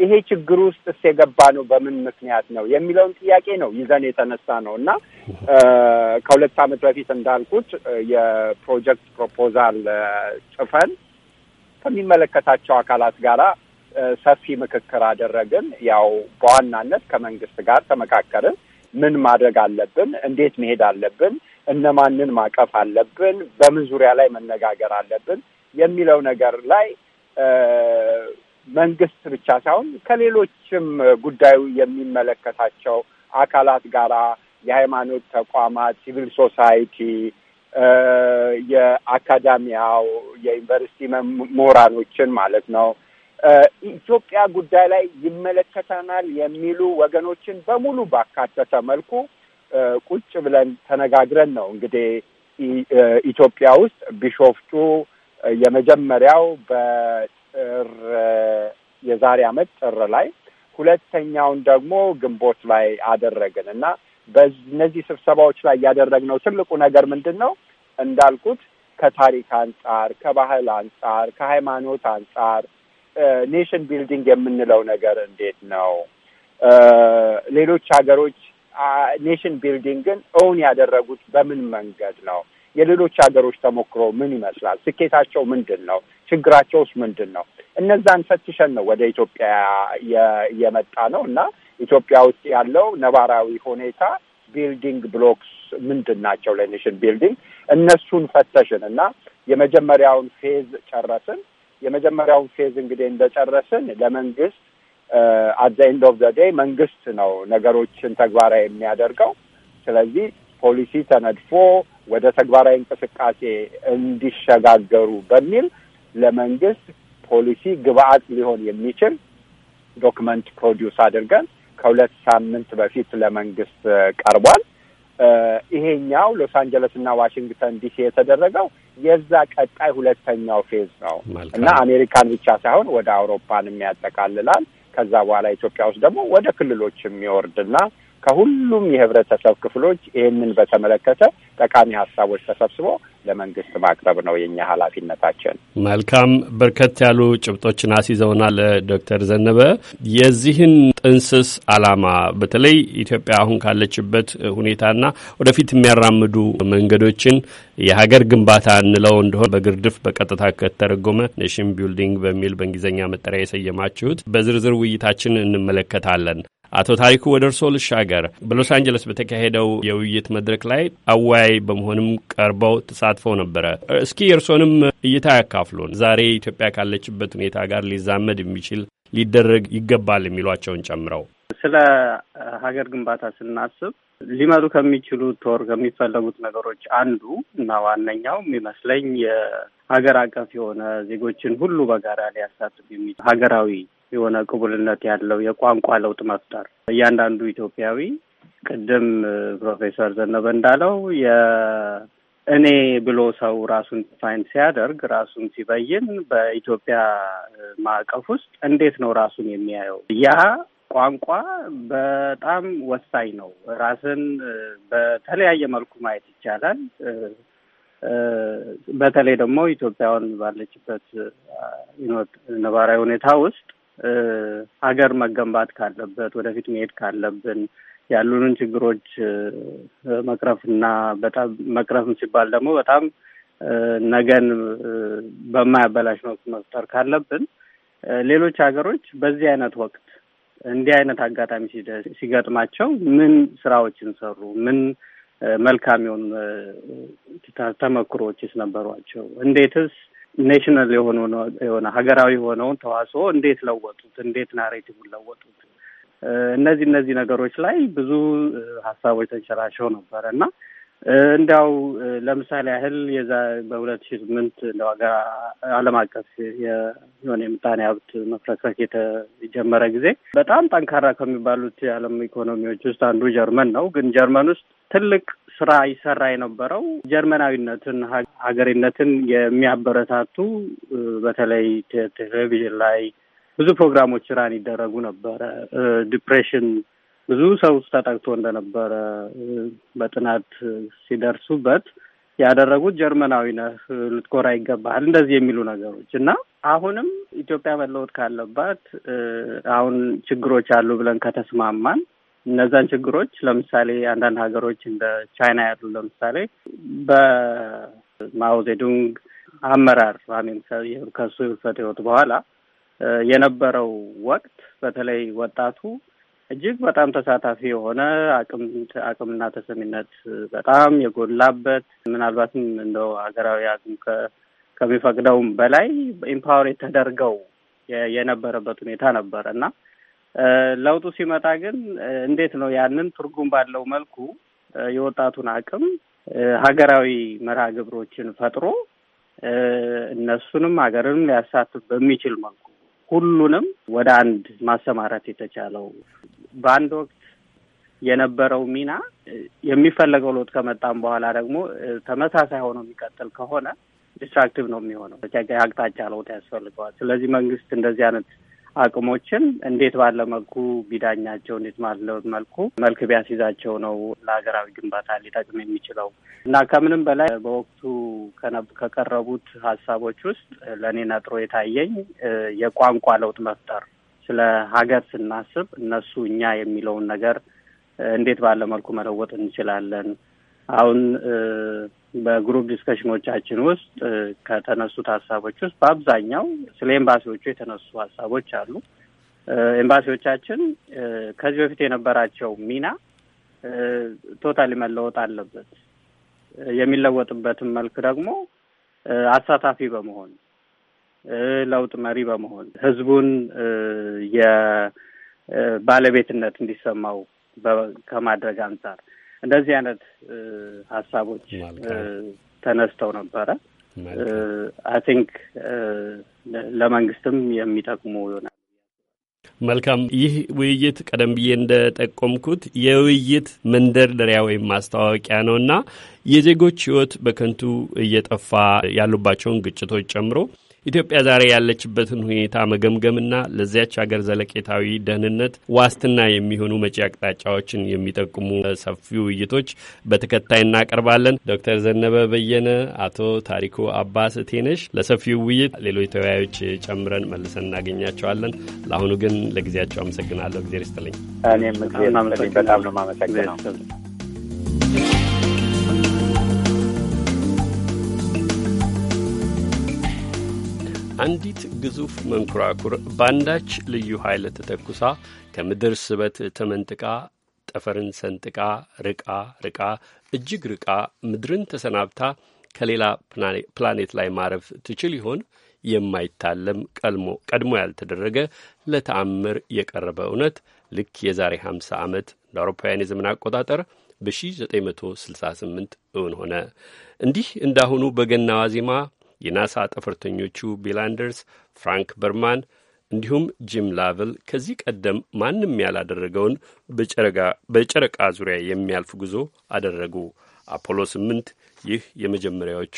ይሄ ችግር ውስጥስ የገባ ነው በምን ምክንያት ነው የሚለውን ጥያቄ ነው ይዘን የተነሳ ነው እና ከሁለት ዓመት በፊት እንዳልኩት የፕሮጀክት ፕሮፖዛል ጽፈን ከሚመለከታቸው አካላት ጋር ሰፊ ምክክር አደረግን። ያው በዋናነት ከመንግስት ጋር ተመካከርን። ምን ማድረግ አለብን? እንዴት መሄድ አለብን? እነማንን ማቀፍ አለብን? በምን ዙሪያ ላይ መነጋገር አለብን? የሚለው ነገር ላይ መንግስት ብቻ ሳይሆን ከሌሎችም ጉዳዩ የሚመለከታቸው አካላት ጋራ የሃይማኖት ተቋማት፣ ሲቪል ሶሳይቲ፣ የአካዳሚያው የዩኒቨርሲቲ ምሁራኖችን ማለት ነው ኢትዮጵያ ጉዳይ ላይ ይመለከተናል የሚሉ ወገኖችን በሙሉ ባካተተ መልኩ ቁጭ ብለን ተነጋግረን ነው እንግዲህ ኢትዮጵያ ውስጥ ቢሾፍቱ የመጀመሪያው በ ጥር የዛሬ አመት ጥር ላይ ሁለተኛውን ደግሞ ግንቦት ላይ አደረግን እና በእነዚህ ስብሰባዎች ላይ ያደረግነው ትልቁ ነገር ምንድን ነው? እንዳልኩት ከታሪክ አንጻር፣ ከባህል አንጻር፣ ከሃይማኖት አንጻር ኔሽን ቢልዲንግ የምንለው ነገር እንዴት ነው? ሌሎች ሀገሮች ኔሽን ቢልዲንግን እውን ያደረጉት በምን መንገድ ነው? የሌሎች ሀገሮች ተሞክሮ ምን ይመስላል? ስኬታቸው ምንድን ነው? ችግራቸውስ ምንድን ነው? እነዛን ፈትሸን ነው ወደ ኢትዮጵያ የመጣ ነው እና ኢትዮጵያ ውስጥ ያለው ነባራዊ ሁኔታ ቢልዲንግ ብሎክስ ምንድን ናቸው ለኔሽን ቢልዲንግ እነሱን ፈተሽን እና የመጀመሪያውን ፌዝ ጨረስን። የመጀመሪያውን ፌዝ እንግዲህ እንደጨረስን ለመንግስት አት ዘ ኤንድ ኦፍ ዘ ዴይ መንግስት ነው ነገሮችን ተግባራዊ የሚያደርገው። ስለዚህ ፖሊሲ ተነድፎ ወደ ተግባራዊ እንቅስቃሴ እንዲሸጋገሩ በሚል ለመንግስት ፖሊሲ ግብአት ሊሆን የሚችል ዶክመንት ፕሮዲውስ አድርገን ከሁለት ሳምንት በፊት ለመንግስት ቀርቧል። ይሄኛው ሎስ አንጀለስ እና ዋሽንግተን ዲሲ የተደረገው የዛ ቀጣይ ሁለተኛው ፌዝ ነው እና አሜሪካን ብቻ ሳይሆን ወደ አውሮፓንም ያጠቃልላል። ከዛ በኋላ ኢትዮጵያ ውስጥ ደግሞ ወደ ክልሎችም ይወርድና ከሁሉም የህብረተሰብ ክፍሎች ይህንን በተመለከተ ጠቃሚ ሀሳቦች ተሰብስቦ ለመንግስት ማቅረብ ነው የኛ ኃላፊነታችን። መልካም በርከት ያሉ ጭብጦችን አስይዘውናል ዶክተር ዘነበ የዚህን ጥንስስ አላማ በተለይ ኢትዮጵያ አሁን ካለችበት ሁኔታና ወደፊት የሚያራምዱ መንገዶችን የሀገር ግንባታ እንለው እንደሆን በግርድፍ በቀጥታ ከተረጎመ ኔሽን ቢልዲንግ በሚል በእንግሊዝኛ መጠሪያ የሰየማችሁት በዝርዝር ውይይታችን እንመለከታለን። አቶ ታሪኩ ወደ እርስዎ ልሻገር። በሎስ አንጀለስ በተካሄደው የውይይት መድረክ ላይ አወያይ በመሆንም ቀርበው ተሳትፈው ነበረ። እስኪ የእርስዎንም እይታ ያካፍሉን። ዛሬ ኢትዮጵያ ካለችበት ሁኔታ ጋር ሊዛመድ የሚችል ሊደረግ ይገባል የሚሏቸውን ጨምረው ስለ ሀገር ግንባታ ስናስብ ሊመጡ ከሚችሉት ወር ከሚፈለጉት ነገሮች አንዱ እና ዋነኛው የሚመስለኝ የሀገር አቀፍ የሆነ ዜጎችን ሁሉ በጋራ ሊያሳትፍ የሚችል ሀገራዊ የሆነ ቅቡልነት ያለው የቋንቋ ለውጥ መፍጠር እያንዳንዱ ኢትዮጵያዊ ቅድም ፕሮፌሰር ዘነበ እንዳለው የእኔ ብሎ ሰው ራሱን ፋይን ሲያደርግ ራሱን ሲበይን በኢትዮጵያ ማዕቀፍ ውስጥ እንዴት ነው ራሱን የሚያየው? ያ ቋንቋ በጣም ወሳኝ ነው። ራስን በተለያየ መልኩ ማየት ይቻላል። በተለይ ደግሞ ኢትዮጵያውን ባለችበት ነባራዊ ሁኔታ ውስጥ ሀገር መገንባት ካለበት ወደፊት መሄድ ካለብን ያሉንን ችግሮች መቅረፍ በጣም መቅረፍም ሲባል ደግሞ በጣም ነገን በማያበላሽ መልኩ መፍጠር ካለብን ሌሎች ሀገሮች በዚህ አይነት ወቅት እንዲህ አይነት አጋጣሚ ሲገጥማቸው ምን ስራዎችን ሰሩ? ምን መልካም የሆኑ ተመክሮዎችስ ነበሯቸው? እንዴትስ ኔሽናል የሆነ የሆነ ሀገራዊ የሆነውን ተዋጽኦ እንዴት ለወጡት? እንዴት ናሬቲቭን ለወጡት? እነዚህ እነዚህ ነገሮች ላይ ብዙ ሀሳቦች ተንሸራሸው ነበረ እና እንዲያው ለምሳሌ ያህል የዛ በሁለት ሺ ስምንት እንደው ሀገር ዓለም አቀፍ የሆነ የምጣኔ ሀብት መፍረክረክ የተጀመረ ጊዜ በጣም ጠንካራ ከሚባሉት የዓለም ኢኮኖሚዎች ውስጥ አንዱ ጀርመን ነው። ግን ጀርመን ውስጥ ትልቅ ስራ ይሰራ የነበረው ጀርመናዊነትን፣ ሀገሬነትን የሚያበረታቱ በተለይ ቴሌቪዥን ላይ ብዙ ፕሮግራሞች ስራን ይደረጉ ነበረ። ዲፕሬሽን ብዙ ሰው ተጠቅቶ እንደነበረ በጥናት ሲደርሱበት ያደረጉት ጀርመናዊ ነህ፣ ልትኮራ ይገባሃል፣ እንደዚህ የሚሉ ነገሮች እና አሁንም ኢትዮጵያ መለወጥ ካለባት አሁን ችግሮች አሉ ብለን ከተስማማን እነዛን ችግሮች ለምሳሌ አንዳንድ ሀገሮች እንደ ቻይና ያሉ ለምሳሌ በማኦዜዱንግ አመራር ሚን ከሱ ህልፈት ህይወት በኋላ የነበረው ወቅት በተለይ ወጣቱ እጅግ በጣም ተሳታፊ የሆነ አቅም አቅምና ተሰሚነት በጣም የጎላበት ምናልባትም እንደው ሀገራዊ አቅም ከሚፈቅደውም በላይ ኢምፓወር የተደርገው የነበረበት ሁኔታ ነበረ እና ለውጡ ሲመጣ ግን እንዴት ነው ያንን ትርጉም ባለው መልኩ የወጣቱን አቅም ሀገራዊ መርሃ ግብሮችን ፈጥሮ እነሱንም ሀገርንም ሊያሳትፍ በሚችል መልኩ ሁሉንም ወደ አንድ ማሰማራት የተቻለው በአንድ ወቅት የነበረው ሚና የሚፈለገው ለውጥ ከመጣም በኋላ ደግሞ ተመሳሳይ ሆኖ የሚቀጥል ከሆነ ዲስትራክቲቭ ነው የሚሆነው። አቅጣጫ ለውጥ ያስፈልገዋል። ስለዚህ መንግስት እንደዚህ አይነት አቅሞችን እንዴት ባለ መልኩ ቢዳኛቸው እንዴት ባለ መልኩ መልክ ቢያስይዛቸው ነው ለሀገራዊ ግንባታ ሊጠቅም የሚችለው እና ከምንም በላይ በወቅቱ ከቀረቡት ሀሳቦች ውስጥ ለእኔ ነጥሮ የታየኝ የቋንቋ ለውጥ መፍጠር፣ ስለ ሀገር ስናስብ እነሱ እኛ የሚለውን ነገር እንዴት ባለ መልኩ መለወጥ እንችላለን አሁን በግሩፕ ዲስከሽኖቻችን ውስጥ ከተነሱት ሀሳቦች ውስጥ በአብዛኛው ስለ ኤምባሲዎቹ የተነሱ ሀሳቦች አሉ። ኤምባሲዎቻችን ከዚህ በፊት የነበራቸው ሚና ቶታሊ መለወጥ አለበት። የሚለወጥበትን መልክ ደግሞ አሳታፊ በመሆን ለውጥ መሪ በመሆን ህዝቡን የባለቤትነት እንዲሰማው ከማድረግ አንጻር እንደዚህ አይነት ሀሳቦች ተነስተው ነበረ። አይ ቲንክ ለመንግስትም የሚጠቅሙ ይሆናል። መልካም። ይህ ውይይት ቀደም ብዬ እንደጠቆምኩት የውይይት መንደርደሪያ ወይም ማስታወቂያ ነው እና የዜጎች ሕይወት በከንቱ እየጠፋ ያሉባቸውን ግጭቶች ጨምሮ ኢትዮጵያ ዛሬ ያለችበትን ሁኔታ መገምገምና ለዚያች ሀገር ዘለቄታዊ ደህንነት ዋስትና የሚሆኑ መጪ አቅጣጫዎችን የሚጠቁሙ ሰፊ ውይይቶች በተከታይ እናቀርባለን። ዶክተር ዘነበ በየነ፣ አቶ ታሪኩ አባስ ቴነሽ ለሰፊው ውይይት ሌሎች ተወያዮች ጨምረን መልሰን እናገኛቸዋለን። ለአሁኑ ግን ለጊዜያቸው አመሰግናለሁ። እግዜር ይስጥልኝ። እኔም በጣም ነው የማመሰግነው። አንዲት ግዙፍ መንኮራኩር ባንዳች ልዩ ኃይል ተተኩሳ ከምድር ስበት ተመንጥቃ ጠፈርን ሰንጥቃ ርቃ ርቃ እጅግ ርቃ ምድርን ተሰናብታ ከሌላ ፕላኔት ላይ ማረፍ ትችል ይሆን? የማይታለም ቀድሞ ያልተደረገ ለተአምር የቀረበ እውነት ልክ የዛሬ 50 ዓመት እንደ አውሮፓውያን የዘመን አቆጣጠር በ1968 እውን ሆነ። እንዲህ እንዳሁኑ በገና ዋዜማ የናሳ ጠፈርተኞቹ ቢል አንደርስ፣ ፍራንክ በርማን እንዲሁም ጂም ላቭል ከዚህ ቀደም ማንም ያላደረገውን በጨረቃ ዙሪያ የሚያልፍ ጉዞ አደረጉ። አፖሎ ስምንት ይህ የመጀመሪያዎቹ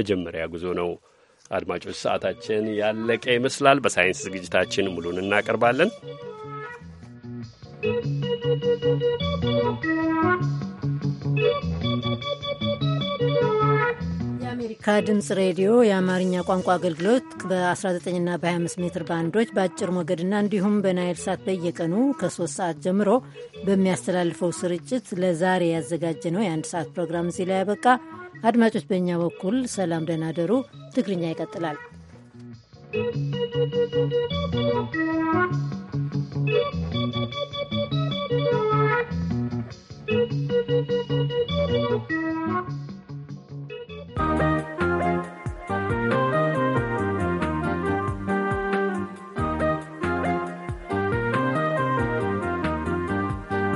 መጀመሪያ ጉዞ ነው። አድማጮች ሰዓታችን ያለቀ ይመስላል። በሳይንስ ዝግጅታችን ሙሉን እናቀርባለን። ከአሜሪካ ድምፅ ሬዲዮ የአማርኛ ቋንቋ አገልግሎት በ19ና በ25 ሜትር ባንዶች በአጭር ሞገድና እንዲሁም በናይል ሳት በየቀኑ ከ3 ሰዓት ጀምሮ በሚያስተላልፈው ስርጭት ለዛሬ ያዘጋጀ ነው የአንድ ሰዓት ፕሮግራም እዚህ ላይ ያበቃ። አድማጮች፣ በእኛ በኩል ሰላም፣ ደህና ደሩ። ትግርኛ ይቀጥላል። Thank you.